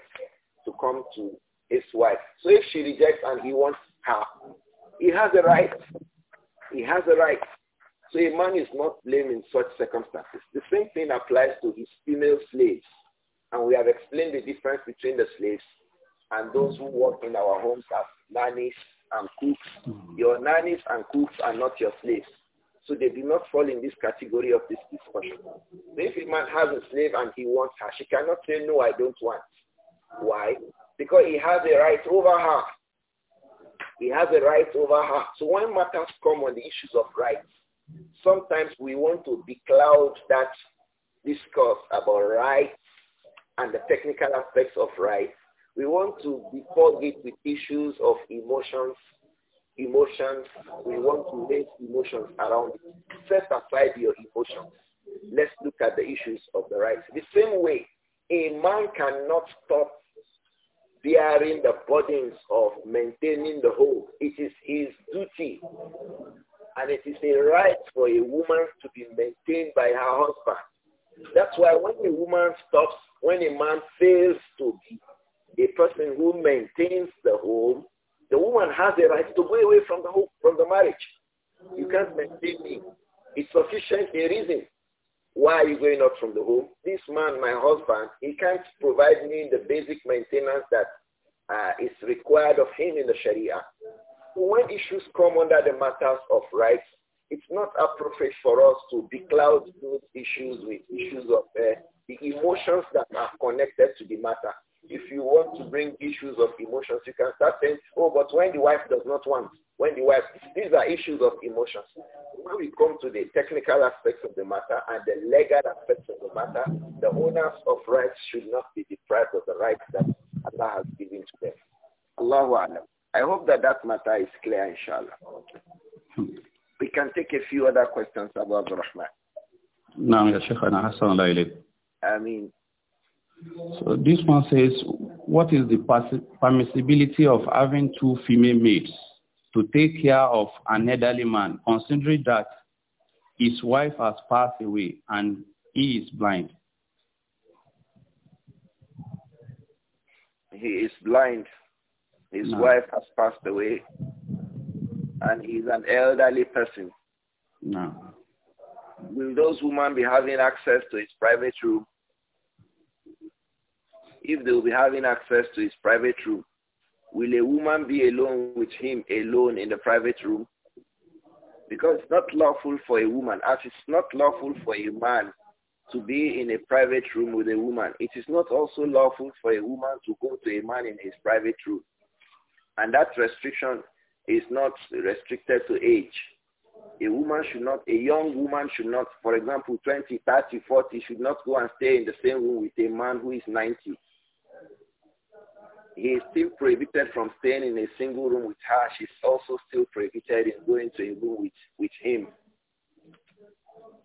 to come to his wife. So if she rejects and he wants her, he has a right. He has a right. So a man is not blamed in such circumstances. The same thing applies to his female slaves. And we have explained the difference between the slaves and those who work in our homes as nannies and cooks. Mm. Your nannies and cooks are not your slaves. So they do not fall in this category of this discussion. if a man has a slave and he wants her, she cannot say, no, I don't want. Why? Because he has a right over her. He has a right over her. So when matters come on the issues of rights, Sometimes we want to decloud that discourse about rights and the technical aspects of rights. We want to befog it with issues of emotions, emotions. We want to make emotions around it. Set aside your emotions. Let's look at the issues of the rights. The same way, a man cannot stop bearing the burdens of maintaining the whole. It is his duty and it is a right for a woman to be maintained by her husband. That's why when a woman stops, when a man fails to be a person who maintains the home, the woman has a right to go away from the home, from the marriage. You can't maintain me. It's sufficient a reason why are you going out from the home? This man, my husband, he can't provide me the basic maintenance that uh, is required of him in the Sharia when issues come under the matters of rights, it's not appropriate for us to becloud those issues with issues of uh, the emotions that are connected to the matter. If you want to bring issues of emotions, you can start saying, oh, but when the wife does not want, when the wife, these are issues of emotions. When we come to the technical aspects of the matter and the legal aspects of the matter, the owners of rights should not be deprived of the rights that Allah has given to them. Allahu Akbar. I hope that that matter is clear, inshallah. We can take a few other questions about Rahman. نعم يا شيخنا حسن الله So this one says, what is the permissibility of having two female maids to take care of an elderly man, considering that his wife has passed away and he is blind? He is blind. His no. wife has passed away and he's an elderly person. No. Will those women be having access to his private room? If they will be having access to his private room, will a woman be alone with him alone in the private room? Because it's not lawful for a woman, as it's not lawful for a man to be in a private room with a woman. It is not also lawful for a woman to go to a man in his private room. And that restriction is not restricted to age. A woman should not, a young woman should not, for example, 20, 30, 40, should not go and stay in the same room with a man who is 90. He is still prohibited from staying in a single room with her. She's also still prohibited in going to a room with, with him.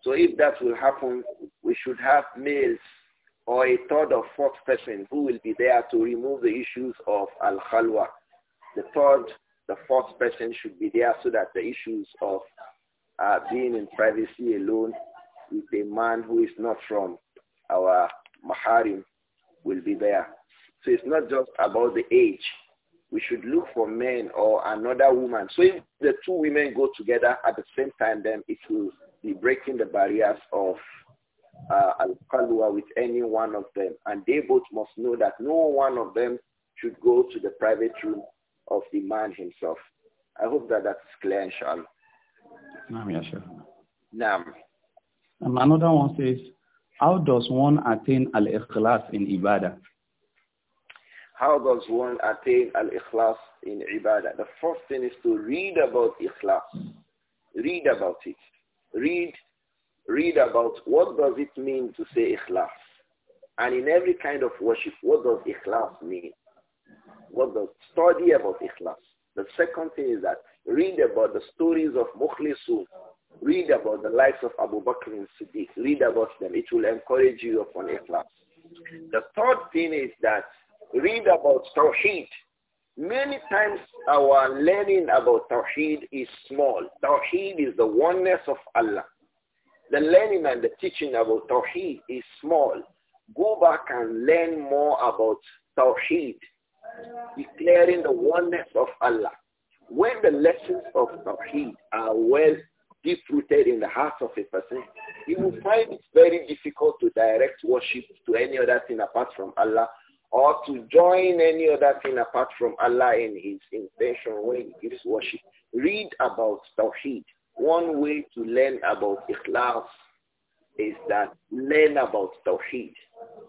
So if that will happen, we should have males or a third or fourth person who will be there to remove the issues of al-khalwa, the third, the fourth person should be there so that the issues of uh, being in privacy alone with a man who is not from our maharim will be there. So it's not just about the age. We should look for men or another woman. So if the two women go together at the same time, then it will be breaking the barriers of uh, al-qalwa with any one of them. And they both must know that no one of them should go to the private room of the man himself. I hope that that's clear, inshallah. Naam, yeah, sure. Um, another one says, how does one attain al-ikhlas in ibadah? How does one attain al-ikhlas in ibadah? The first thing is to read about ikhlas. Read about it. Read, read about what does it mean to say ikhlas. And in every kind of worship, what does ikhlas mean? What the study about ikhlas? The second thing is that read about the stories of Mukhlisun. Read about the lives of Abu Bakr and Siddiq. Read about them. It will encourage you upon ikhlas. The third thing is that read about Tawheed. Many times our learning about Tawheed is small. Tawheed is the oneness of Allah. The learning and the teaching about Tawheed is small. Go back and learn more about Tawheed declaring the oneness of Allah. When the lessons of Tawheed are well deep-rooted in the heart of a person, he will find it very difficult to direct worship to any other thing apart from Allah or to join any other thing apart from Allah in his intention when he gives worship. Read about Tawheed. One way to learn about Ikhlas is that learn about Tawheed.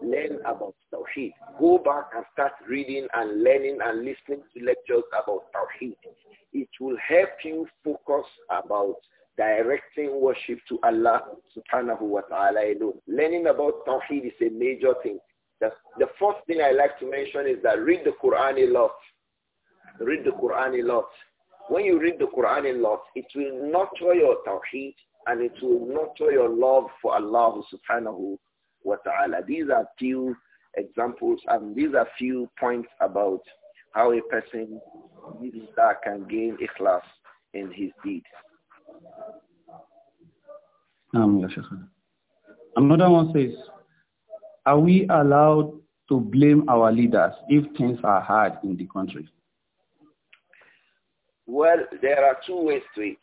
Learn about Tawheed. Go back and start reading and learning and listening to lectures about Tawheed. It will help you focus about directing worship to Allah subhanahu wa ta'ala alone. Learning about Tawheed is a major thing. The, the first thing I like to mention is that read the Quran a lot. Read the Quran a lot. When you read the Quran a lot, it will nurture your Tawheed and it will nurture your love for Allah subhanahu wa ta'ala. These are few examples and these are few points about how a person can gain ikhlas in his deed. Another one says, are we allowed to blame our leaders if things are hard in the country? Well, there are two ways to it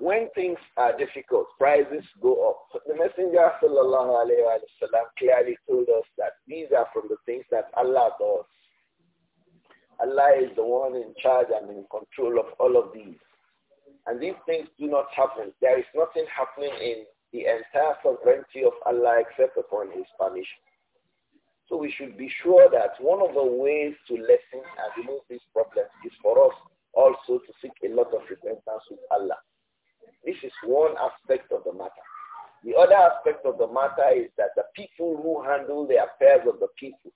when things are difficult, prices go up. the Messenger sallallahu alayhi clearly told us that these are from the things that Allah does. Allah is the one in charge and in control of all of these. And these things do not happen. There is nothing happening in the entire sovereignty of Allah except upon his permission. So we should be sure that one of the ways to lessen and remove these problems is for us also to seek a lot of repentance with Allah. This is one aspect of the matter. The other aspect of the matter is that the people who handle the affairs of the people,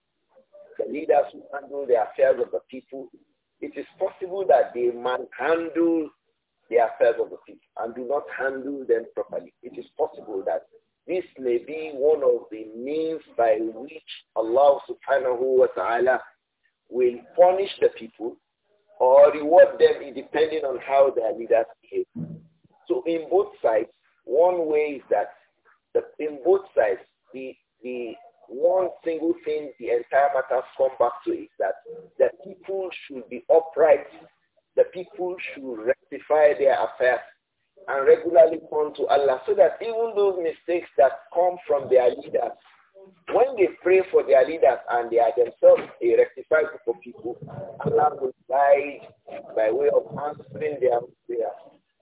the leaders who handle the affairs of the people, it is possible that they handle the affairs of the people and do not handle them properly. It is possible that this may be one of the means by which Allah subhanahu wa ta'ala will punish the people or reward them depending on how their leaders behave. So in both sides, one way is that the, in both sides, the, the one single thing the entire matter come back to is that the people should be upright. The people should rectify their affairs and regularly come to Allah so that even those mistakes that come from their leaders, when they pray for their leaders and they are themselves a rectified group of people, Allah will guide by way of answering their prayers.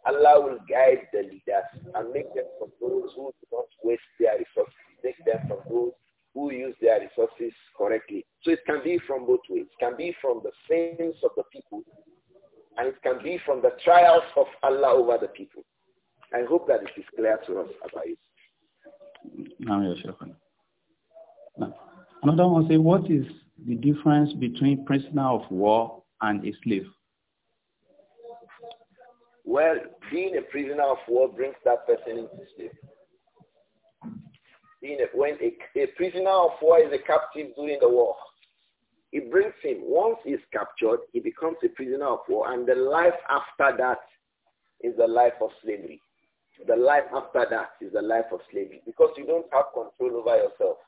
Allah will guide the leaders and make them from those who do not waste their resources, make them from those who use their resources correctly. So it can be from both ways. It can be from the sins of the people and it can be from the trials of Allah over the people. I hope that it is clear to us about it. Another one says, what is the difference between prisoner of war and a slave? Well, being a prisoner of war brings that person into slavery. Being a, when a, a prisoner of war is a captive during the war, it brings him. Once he's captured, he becomes a prisoner of war, and the life after that is the life of slavery. The life after that is the life of slavery because you don't have control over yourself.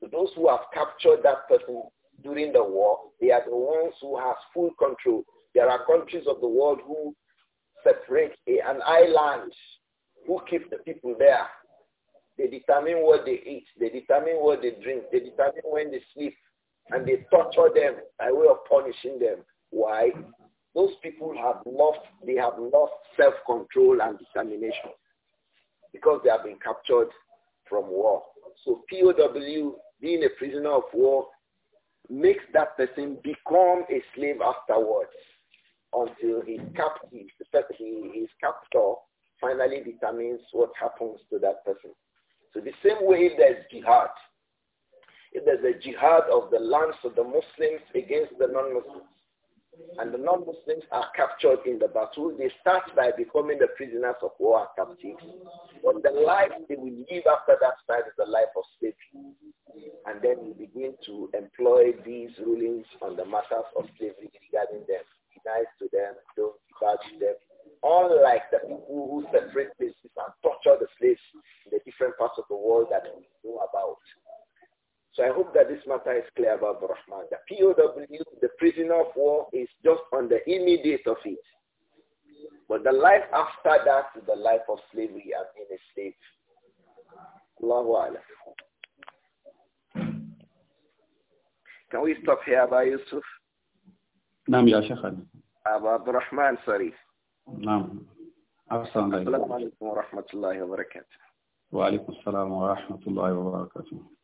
So those who have captured that person during the war, they are the ones who have full control there are countries of the world who separate an island, who keep the people there. They determine what they eat. They determine what they drink. They determine when they sleep. And they torture them by way of punishing them. Why? Those people have lost, they have lost self-control and determination because they have been captured from war. So POW, being a prisoner of war, makes that person become a slave afterwards until his captive, his captor finally determines what happens to that person. So the same way there's jihad, if there's a jihad of the lands of the Muslims against the non-Muslims, and the non-Muslims are captured in the battle, they start by becoming the prisoners of war and captives. But the life they will live after that time is the life of slavery. And then we begin to employ these rulings on the matters of slavery regarding them nice to them, don't be bad to them. Unlike the people who separate places and torture the slaves in the different parts of the world that we know about. So I hope that this matter is clear about Rahman. The POW, the prisoner of war, is just on the immediate of it. But the life after that is the life of slavery and in a slave. Allahu Can we stop here by Yusuf? نعم يا شيخ أبو عبد الرحمن صريف نعم السلام عليكم ورحمة الله وبركاته وعليكم السلام ورحمة الله وبركاته